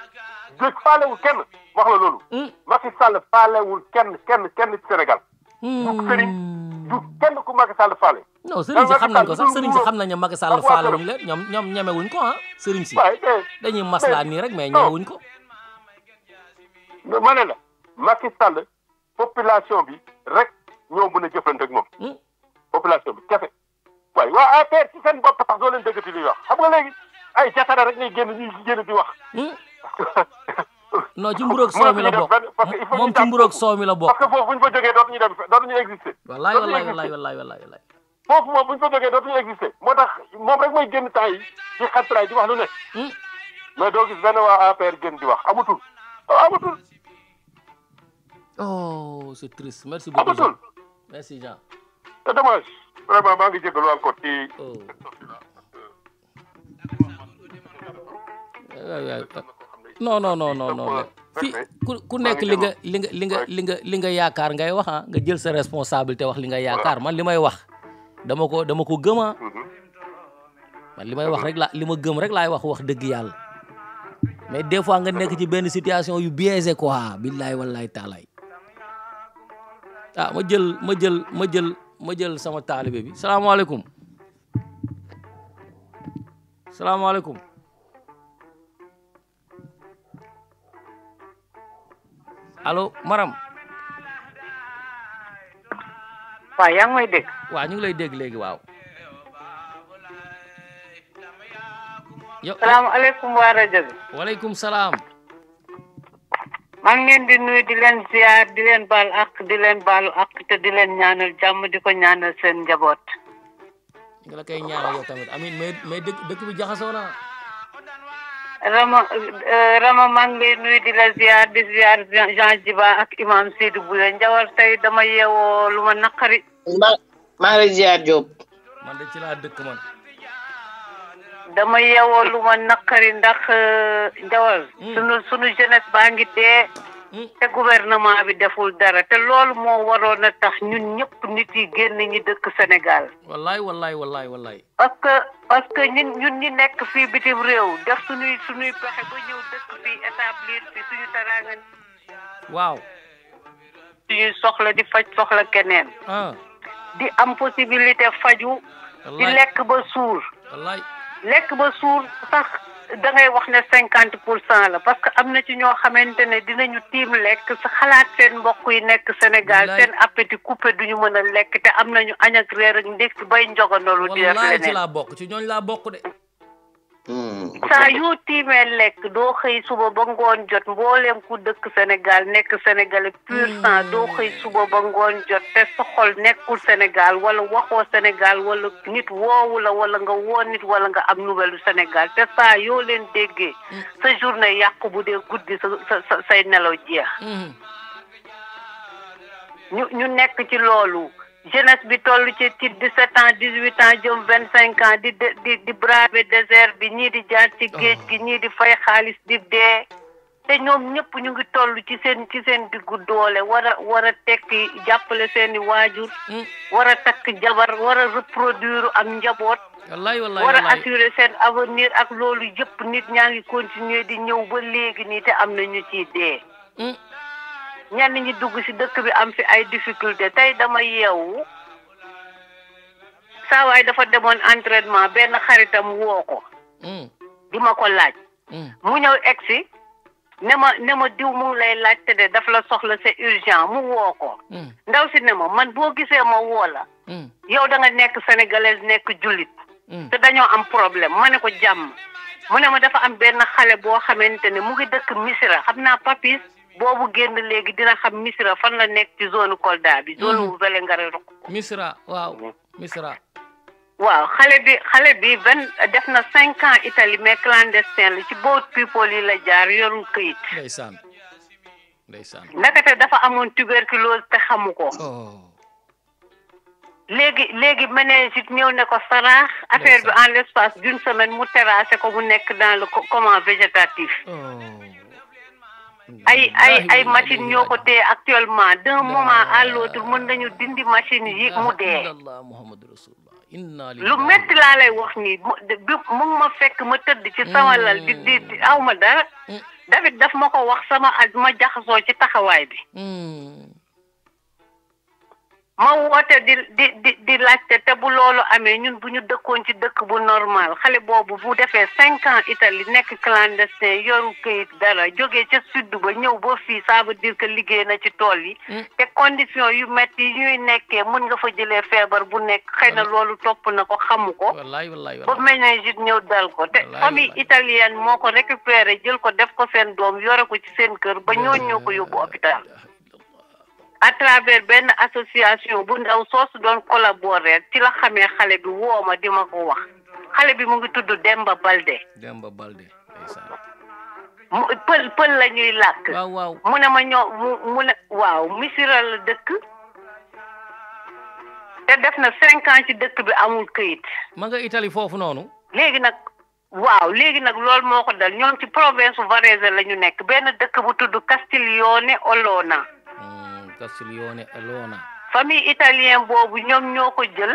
dégg faalewul kenn wax la loolu. Hmm. Macky Sall faalewul kenn kenn kenn ci Sénégal. du hmm. sëriñ du kenn ku Macky Sall faale. non sëriñ si xam nañ ko sax sëriñ si xam nañ ne Macky Sall faale wuñ leen ñoom ñoom ñemewuñ ko ah sëriñ si dañuy maslaa nii rek mais ñemewuñ ko ma ne la Macky Sall population bi rek ñoo mën a jëflante ak moom hmm? population bi jafe waaye waa APR ci seen bopp tax doo leen déggati luy wax xam nga léegi ay rek lay génn di wax hmm? *laughs* non ci mburoog soow mi la bokk moom ci mburoog mi la bokk parce que foofu bu ñu fa jógee dootuñu dem dootuñu existé wallaay wallaay wallaay foofu moom bu ñu ko jógee dootuñu existé moo tax moom rek mooy génn temps yi ci di wax lu ne. Hmm? mais doo gis benn waa APR génn di wax amatul oh, amatul. oh c'est triste merci beaucoup amatul merci Jean. c'est dommage vraiment ngi jégalu encore ku nekk li nga li nga li nga li nga li nga yaakaar ngay wax ah nga jël sa responsabilité wax li nga yaakaar man li may wax. dama ko dama ko gëmaa ah. mhm. man li may wax rek laa li ma gëm rek laay wax wax dëgg yàlla mais des fois nga nekk ci benn situation yu ko quoi billaay wallaay taalaay ah ma jël ma jël ma jël ma jël sama taalibe bi salaamaaleykum salaamaaleykum alo Maram waaw yaa ngi may dégg. waaw lay dégg léegi waaw. yow salaamaaleykum waa rajo bi. waaleykum salaam. maa ngi leen di nuyu di leen ziar di leen baal ak di leen baalu ak te di leen ñaanal jàmm di ko ñaanal seen njaboot. nga la koy ñaanal yow tamit amiin mais mais dëkk dëkk bi jaxasoo Rama eh, Rama maa ngi lay nuyu di la ziar di ziar Jean Djiba ak imam Seydou Boulé Njawar tey dama yeewoo lu ma naqari. maa maa ngi man de ci laa dëkk man. dama yeewoo lu ma naqari ndax eh, Njawar. Hmm. sunu sunu jeunesse te gouvernement bi deful dara te loolu moo waroon a tax ñun ñëpp nit yi génn ñi dëkk Sénégal. wallaay wallaay wallaay wallaay. parce que parce que ñun ñun ñi nekk fii bitim réew def suñuy suñuy pexe ba ñëw dëkk fii établir fi suñu taraanga. waaw. suñuy soxla di faj soxla keneen. Ah. di am possibilité faju di lekk ba suur. lekk ba suur sax da wax na cinquante pour cent la parce que am na ci ñoo xamante ne dinañu tiim lekk xalaat seen mbokk yi nekk Sénégal seen appétit coupé ñu mën a lekk te am nañu añ ak reer ak ndékki bay njoganalu di def leneen. ci laa bokk ci ñooñ laa bokk de. Mm. saa yoo tiimee lekk doo xëy suba ba ngoon jot mbooleem ku dëkk Sénégal nekk sénégalais pur sang mm. doo xëy suba ba ngoon jot te sa nekkul Sénégal wala waxoo Sénégal wala nit woowu la wala nga woo nit wala nga am nouvelle Sénégal te saa yoo leen déggee mm. sa journée yàqu bu dee guddi sa sa say nelaw jeex ñu ñu nekk ci loolu jeunesse bi toll ci ci dix-sept ans dix-huit ans jëm vingt-cinq ans di di di braver désert bi ñii di jaar ci géej gi ñii di fay xaalis di dee te ñoom ñëpp ñu ngi toll ci seen ci seen diggu doole war a war a tekki jàppale seeni waajur hmm. war a takk jabar war a reproduire am njaboot wallaay wallaay a assurer seen avenir ak loolu yëpp nit ñaa ngi continuer di ñëw ba léegi nii te am nañu ci ciy dee hmm. ñan ñi dugg si dëkk bi am fi ay difficulté tey dama yeewu saa waay dafa demoon entraînement benn xaritam woo ko. Hmm. di ma ko laaj. Hmm. mu ñëw egg si ne ma ne ma diw mu lay laaj te de daf la soxla c'est urgent mu woo ko. Hmm. ndaw si ne ma man boo gisee ma woo la. yow da nekk sénégalaise nekk julit te dañoo am problème ma ne ko jàmm. mu ne ma dafa am benn xale boo xamante ne mu ngi dëkk Misira xam naa papis. boobu génn léegi dina xam Misra fan la nekk ci zone Kolda bi. zone Vélingara Rock. Misra waaw Misra. waaw xale bi xale bi vingt def na cinq ans Italie mais clandestin la ci boat people yi la jaar yorul këyit. ndeysaan ndeysaan. ndekete dafa amoon tuberculose te xamu ko. léegi léegi méningite ñëw ne ko saraax affaire bi en l' espace d' une semaine mu terrassé ko mu nekk dans le coma végétatif. ay ay ay machine ñoo ko téye actuellement d'un moment à l'autre mën nañu dindi machine yi mu dee lu métti laa lay wax nii bi mu ngi ma fekk ma tëdd ci sama hmm. lal di di di ma dara hmm. David daf ma ko wax sama aj ma jaxasoo ci taxawaay bi hmm. ma woote di di di di laajte te bu loolu amee ñun bu ñu dëkkoon ci dëkk bu normal xale boobu bu defee cinq ans Italie nekk clandestin yoru këyit dara jóge ca sud ba ñëw boo fii ça veut dire que liggéey na ci tool yi. Mm. te condition yu métti yi ñuy nekkee mën nga fa jëlee feebar bu nekk xëy na mm. loolu topp na ko xamu ko. wallaay wallaay ba méningite ñëw dal ko. te famille italienne moo ko récupéré jël ko def ko seen doom yore ko ci seen kër ba mm. ñooñu ñoo ko yóbbu hôpital. *laughs* à travers benn association bu ndaw soo soosu doon collaborer ci la xamee xale bi woo ma di ma ko wax xale bi mu ngi tudd Demba Balde. Demba Balde. mu pël pël la ñuy làkk. waaw waaw mu ne ma ñoo mu mu ne waaw misira dëkk. te def na cinq ci dëkk bi amul kayit ma nga Italie foofu noonu. léegi nag waaw léegi nag loolu moo ko dal ñoom ci province Varese la ñu nekk benn dëkk bu tudd Castiglione Olona. Castiglione e Lona famille italien boobu ñoom ñoo ko jël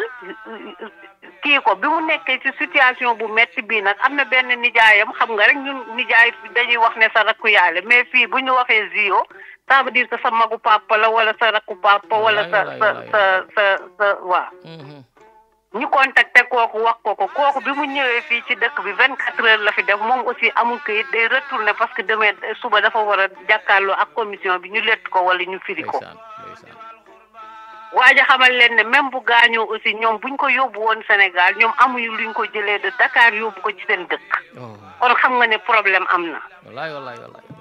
kii ko bi mu nekkee ci situation bu metti bii nag am na benn nijaayam xam nga rek nijaay dañuy wax ne sa rakku yaale mais fii bu ñu waxee Zio ça veut dire que sa magu papa la wala sa rakku papa wala sa sa sa sa sa ñu contacté kooku wax ko ko kooku bi mu ñëwee fii ci dëkk bi vingt quatre heures la fi def moom aussi amul këyit day retourné parce que demee suba dafa war a jàkkaarloo ak commission bi ñu lett ko wala ñu firi ko waaja xamal leen ne même bu gaañoo aussi ñoom buñ ko yóbbu woon Sénégal ñoom amuñu luñ ko jëlee de Dakar yóbbu ko ci seen dëkk oh. kon xam nga ne problème am na wallaay wallaay wallaay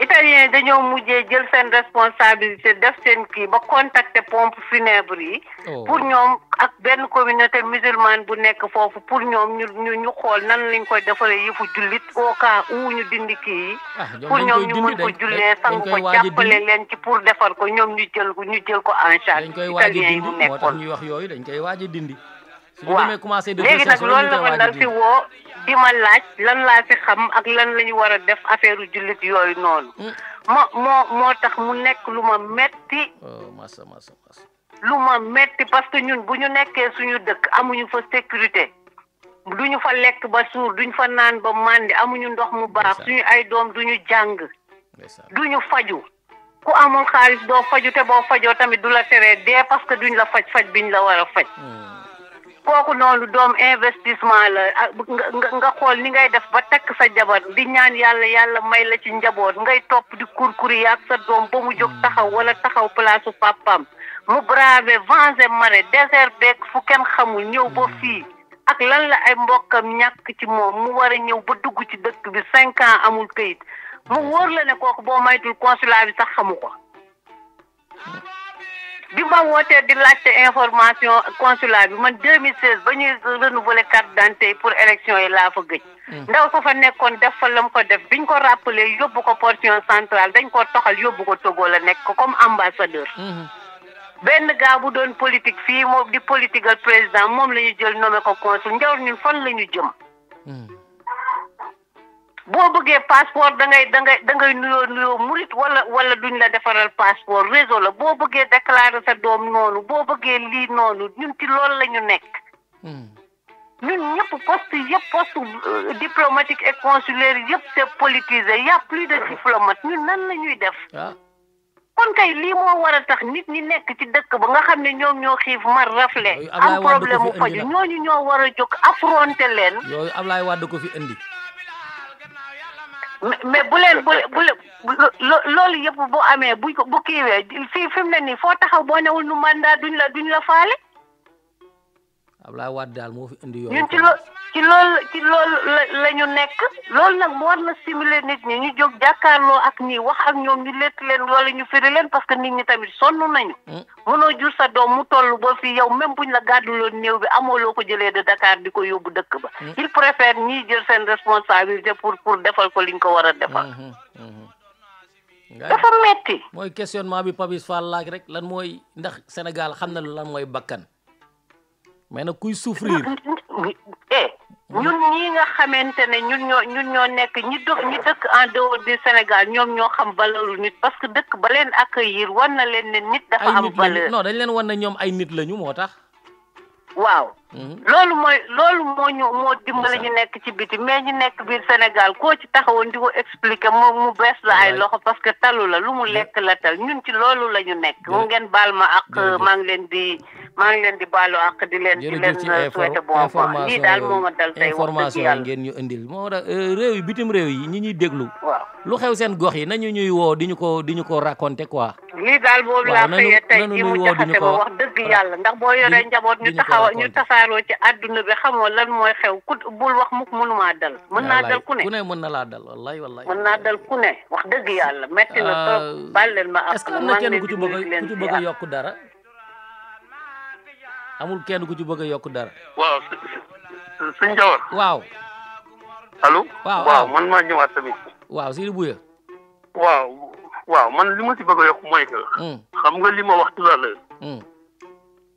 italien dañoo mujjee jël seen responsabilité def seen kii ba contacter pompe funèbre yi. Oh. pour ñoom ak benn communauté musulmane bu nekk foofu pour ñoom ñu ñu ñu xool nan lañ koy defaree yëfu jullit au cas ñu dindi kii yi. Ah, pour ñoom ñu mën ko jullee sangu ko jàppale leen ci pour defar ko ñoom ñu jël ko ñu jël en charge. italien yi mu nekkoon dañ ñuy wax yooyu dañ koy waaj a dindi. léegi nag loolu la ma dal si woo. di ma laaj lan laa fi xam ak lan lañu ñu war a def affaire jullit yooyu noonu. ma mm. moo moo tax mu nekk lu ma metti. Oh, masa lu ma metti parce que ñun bu ñu nekkee suñu dëkk amuñu fa sécurité. duñu fa lekk ba suur duñu fa naan ba màndi amuñu ndox mu baax suñu ay doom duñu jàng. duñu faju ku amul xaalis doo faju te boo fajoo tamit du la tere dee parce que duñ la faj faj biñ la war a faj. Mm. kooku noonu doom investissement la ah, nga xool ni ngay def ba takk sa jabar di ñaan yàlla yàlla may la ci njaboot ngay topp di kurkuri ak sa doom ba mu jóg hmm. taxaw wala taxaw place su mu bravé vents et marées désert fu kenn xamul ñëw boo hmm. fii ak lan la ay mbokkam ñàkk ci moom mu war a ñëw ba dugg ci dëkk bi cinq ans amul këyit mu hmm. wóor la ne kooku boo maytul consulat bi sax xamu ko bi ma wootee di laajte information consulat bi man 2016 ba ñuy renouveler carte d'identité pour élection yi laa fa gëj. Mm. ndaw ko fa nekkoon def fa lam ko def biñ ko rappelé yóbbu ko portion centrale dañ ko toxal yóbbu ko Togo la nekk comme ambassadeur. Mm-hmm. benn gaa bu doon politique fii moom di politique président moom la ñu jël nommé ko consul njaw ñun fan la ñu jëm. Mm. boo bëggee passeport dangay dangay da ngay da ngay nuyoo nuyoo murit wala wala duñ la defaral passeport réseau la boo bëggee déclarer sa doom noonu boo bëggee lii noonu ñun ci lool la ñu nekk. Hmm. ñun ñëpp poste yëpp poste euh, diplomatique et consulaire yëpp c'est politisé y a plus de diplomate ñun nan la ñuy def. Ah. kon kay lii moo war a tax nit ñi nekk ci dëkk ba nga xam ne ñoom ñoo xiif mar rafle am problème mu faju ñooñu ñoo war a jóg affronter leen. yooyu Ablaye Wade ko fi indi. mais bu leen bu bu loolu yëpp bu amee bu bu kiiwee fii fi mu ne nii foo taxaw boo newul nu mandat duñ la duñ la faale. Abdoulaye Wade daal moo fi indi yoon. ñun ci loo ci loolu ci loolu la ñu nekk. loolu nag moo war na stimuler nit ñi ñu jog jàkkaarloo ak ñi wax ak ñoom ñu lett leen wala ñu firi leen parce que nit ñi tamit sonn nañu. Hmm. mënoo jur sa doom mu toll boo fii yow même buñ la gàdduloon néew bi amoo loo ko jëlee de Dakar di ko yóbbu dëkk ba. Hmm. il préfère ñiy jël seen responsabilité pour pour defal ko liñ ko war a defal. Hmm, dafa metti mooy questionnement bi Papis Fall laaj rek lan mooy ndax Sénégal xam na lan mooy bakkan. mais nag kuy souffrir. Eh, ñun ñii nga xamante ne ñun ñoo ñun ñoo nekk ñi do ñi dëkk en dehors du Sénégal ñoom ñoo xam valeuru nit parce que dëkk ba leen accueillir wan na leen ne nit. dafa am valeur non dañ leen wan na ñoom ay nit lañu moo tax. waaw. Mm-hmm. loolu mooy loolu moo ñu moo dimbali ñu nekk ci biti mais ñu nekk biir Sénégal ko ci taxawoon di ko expliquer mu mu bees la ay loxo parce que talu la lu mu mm-hmm. lekk la tal ñun ci loolu la ñu nekk mu ngeen baal ma ak euh, maa ngi leen di maa ngi leen di baalu ak di leen di leen euh, souhaité bon daal moo dal tey ñu indil moo tax euh, réew yi yi ñi ñuy déglu waaw lu seen gox yi nañu ñuy woo di ñu ko di ñu ko raconté quoi lii daal boobu laa xëyee tey ji mu jaxase wax dëgg yàlla ndax boo yoree njaboot ñu taxaw ñu tasaa tasaaroo ci àdduna bi xamoo lan mooy xew ku bul wax mukk mënumaa dal mën naa dal ku ne mën na laa dal wallahi wallahi mën naa dal ku ne wax dëgg yàlla metti na euh, trop leen ma ak est-ce que kenn ku ci bëgg ku ci bëgg a yokk dara amul kenn ku ci bëgg a yokk dara waaw sëñ Jawar waaw allo waaw waaw maa ñëwaat tamit waaw Sidi Bouya waaw waaw man li ma ci bëgg a yokk mooy que hmm. xam nga li ma wax tout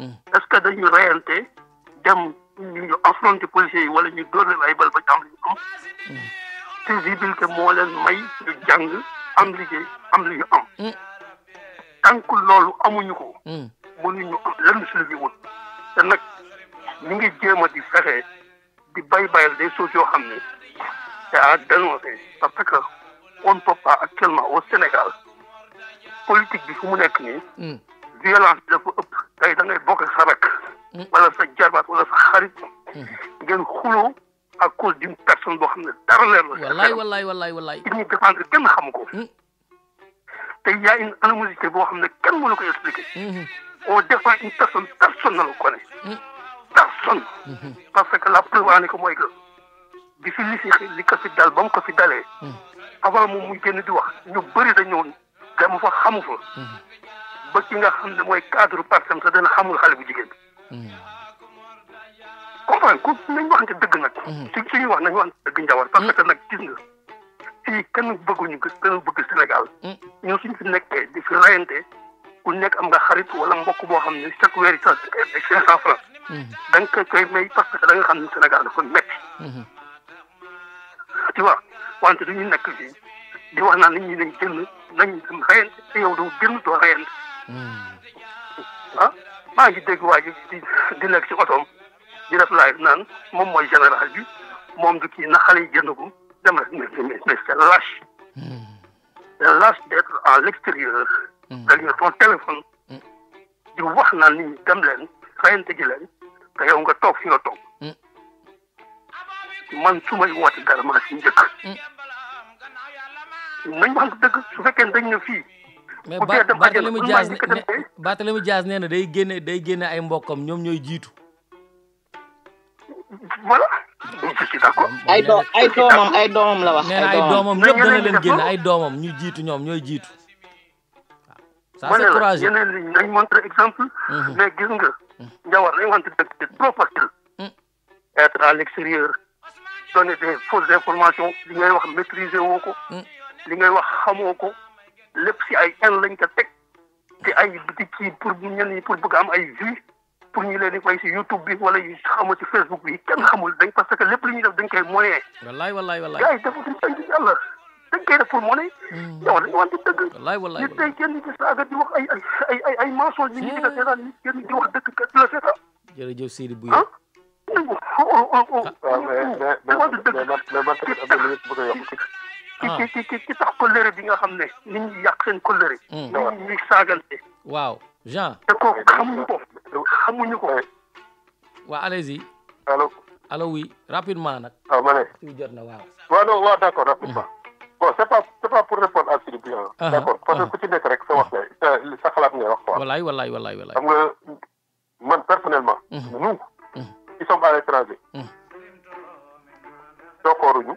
est-ce que dañu reyante dem ñu affronter policiers yi wala ñu dóor leen ay bal ba am li ñu am civilité moo leen may ñu jàng am liggéey am li am tànk loolu amuñu ko mënuñu am lenn si lu ñu te nag mu ngi jéem a di fexe di bay bayal des choses yoo xam ne c'est à dénoncer parce que on ne peut actuellement au Sénégal politique bi fu mu nekk nii hmm. violence bi dafa ëpp tey da ngay bokk sa rakk hmm. wala sa jarbaat wala sa xarit hmm. ngeen xuloo à cause d'une personne boo xam ne dara leer la wallaay wallaay wallaay wallaay li ñuy défendre kenn xam ko hmm. te y a une animosité boo xam ne kenn mënu ko expliquer on défend une personne personne ne le connaît personne la preuve en est mooy que bi fi li si li ko fi dal ba mu ko fi dalee avant moom muy génn di wax ñu bëri dañoon dama fa xamu fa ba ki nga xam ne mooy cadre parce sax dana xamul xale bu jigéen bi. Hmm. comprendre ku nañ dëgg nag. Hmm. su ñu wax nañ waxante dëgg njawar parce que hmm. nag gis nga fii kenn bëgguñu ko kenn bëgg Sénégal. ñoo suñ fi nekkee di fi rayante ku nekk am nga xarit wala mbokk boo xam ne chaque weer yi sax ay cinq cent franc. da nga koy may parce que da nga xam ne Sénégal dafa metti. tu vois wante du ñu nekk fii di wax naan nit ñi dañ génn nañ dem rayante te yow doo doo rayante. ah maa ngi dégg waa ji di di nekk ci otoom di def laay naan moom mooy général bi moom du ki na xale yi jënd ko dem rek mais mais mais c'est lâche. Hmm. c'est lâche d'être à l'extérieur. Hmm. derrière ton téléphone. Hmm. wax naan ni ñi dem leen rayante ji leen te nga toog fi nga toog. man su may woote dara maa si njëkk. nañ wax dëgg su fekkee dañ mais Barthélémy Dias Barthélémy Dias nee na day génne day génne ay mbokkam ñoom ñooy jiitu. voilà. ay doom ay doomam ay doomam la wax. nee na ay doomam ñëpp leen génne ay doomam ñu jiitu ñoom ñooy jiitu. waaw ça c'est courageux yeneen montre exemple. Mhm. mais gis nga. Mhm. Njawar dañ wante dëgg trop facile. Mhm. être à l'extérieur donner des fausses informations li ngay wax maîtriser woo ko. li ngay wax xamoo ko. lépp si ay en lañ ko teg ci ay bitik yi pour ñenn pour bëgg am ay vues pour ñu leen di koy bi wala yu xamul ci Facebook bi kenn xamul dañ parce que lépp li ñuy def dañ koy monnaie. wallaay wallaay wallaay gars dafa duñ tënk yàlla dañ koy def pour monnaie. yow dañu wante dëgg. wallaay wallaay nit tey kenn di saaga di wax ay ay ay ay mensonge yi ñu di ko seetaan nit kenn di wax dëgg kat di la seetaan. jërëjëf Seydou Bouye. ah. waaw mais mais mais mais man man man bëgg a Ah. ci ci ci ci tax kóllëre bi nga xam ne nit ñi yàq seen kóllëre. waaw ñuy saagante. waaw Jean. te kooku xamuñu ko xamuñu ko. waa allez-y. allo allo oui rapidement nag. a ah, ma ne. kii na waaw. waaw non waaw d'accord rapidement. Hmm. bon c'est pas c'est pas pour répondre à uh-huh, parce que uh-huh. ku nekk rek sa wax ne sa xalaat ngay wax quoi. wallaay wallaay wallaay wallaay. xam nga man personnellement. Hmm. nous. Hmm. qui sommes à l'étranger. dookooruñu.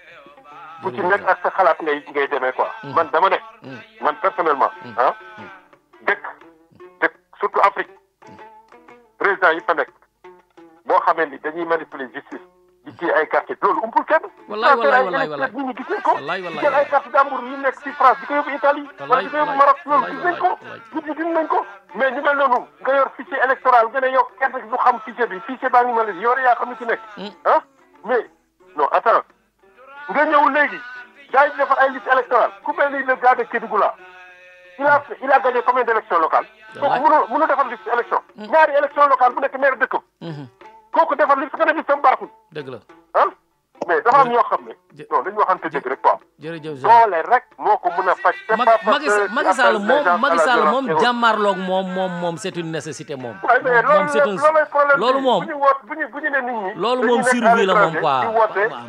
ku ci nekk ak sa xalaat ngay ngay demee quoi. Mm. man dama ne. Mm. man personnellement. Mm. ah dëkk dëkk surtout Afrique président yi fa nekk boo xamee ni dañuy manipuler justice di ci ay carte loolu umpul kenn. wallaay wallaay wallaay wallaay ñu gisee ko. wallaay wallaay jël ay carte d'ambour yu nekk ci France di ko yóbbu Italie. wallaay wallaay wala di ko yóbbu Maroc loolu gis nañ ko. nit ñi gis nañ ko mais ñu mel noonu nga yor fichier électoral nga ne yow kenn du xam fichier bi fichier baa ngi mel ni yore yaa xam ne ci nekk. ah mais non attends. nga ñëw léegi gars yi di defar ay liste électorale ku mel ni le a de Kédougou là il a il a gagné combien d' élections locales. kooku mënul defar liste élection. Mm. ñaari élection locale bu nekk maire dëkkam. Mm-hmm. kooku defar liste nga def liste am baaxul. dëgg la mais dafa am yoo xam ne. non dañu waxante dëgg rek quoi. jërëjëf doole rek moo ko mën a faj. Macky Sall moom Macky moom jàmmarloog moom moom moom c'est une nécessité moom. moom c'est un loolu moom. loolu moom survie la moom quoi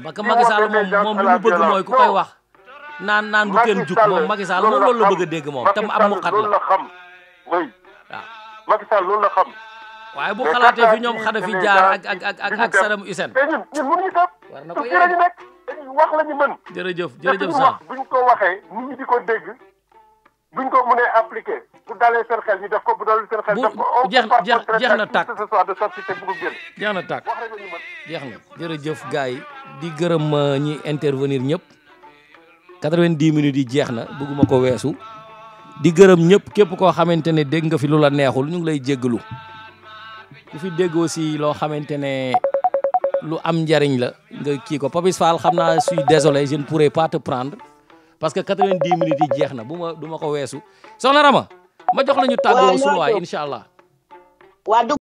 parce que Macky Sall moom moom li mu bëgg mooy ku koy wax. naan naan bu kenn jug moom Macky Sall moom loolu la bëgg a dégg moom tam am mu la. waaw Macky loolu la xam. Ah. waaye bu xalaatee fi ñoom xada fi jaar ak ak ak ak ak Saddam Hussein. mais ko yéen ñu la ñu mën. jërëjëf jërëjëf sax te buñ ko waxee nit ñi di ko dégg buñ ko mënee appliqué bu dalee seen xel def ko bu dalee seen xel. def ko au jeex jeex jeex na tàkk jeex na tàkk jeex na jërëjëf gars di gërëm euh, ñi intervenir ñëpp di minutes di jeex na bëgguma ko weesu di gërëm ñëpp képp koo xamante ne dégg nga fi lu la neexul ñu ngi lay jéggalu ku fi dégg aussi loo xamante ne lu am njariñ la nga kii ko Papis Fall xam naa suis désolé je ne pourrai pas te prendre parce que 90 minutes yi jeex na bu ma du ma ko weesu soxna Rama ma jox lañu ñu tàggoo suñu waay incha allah.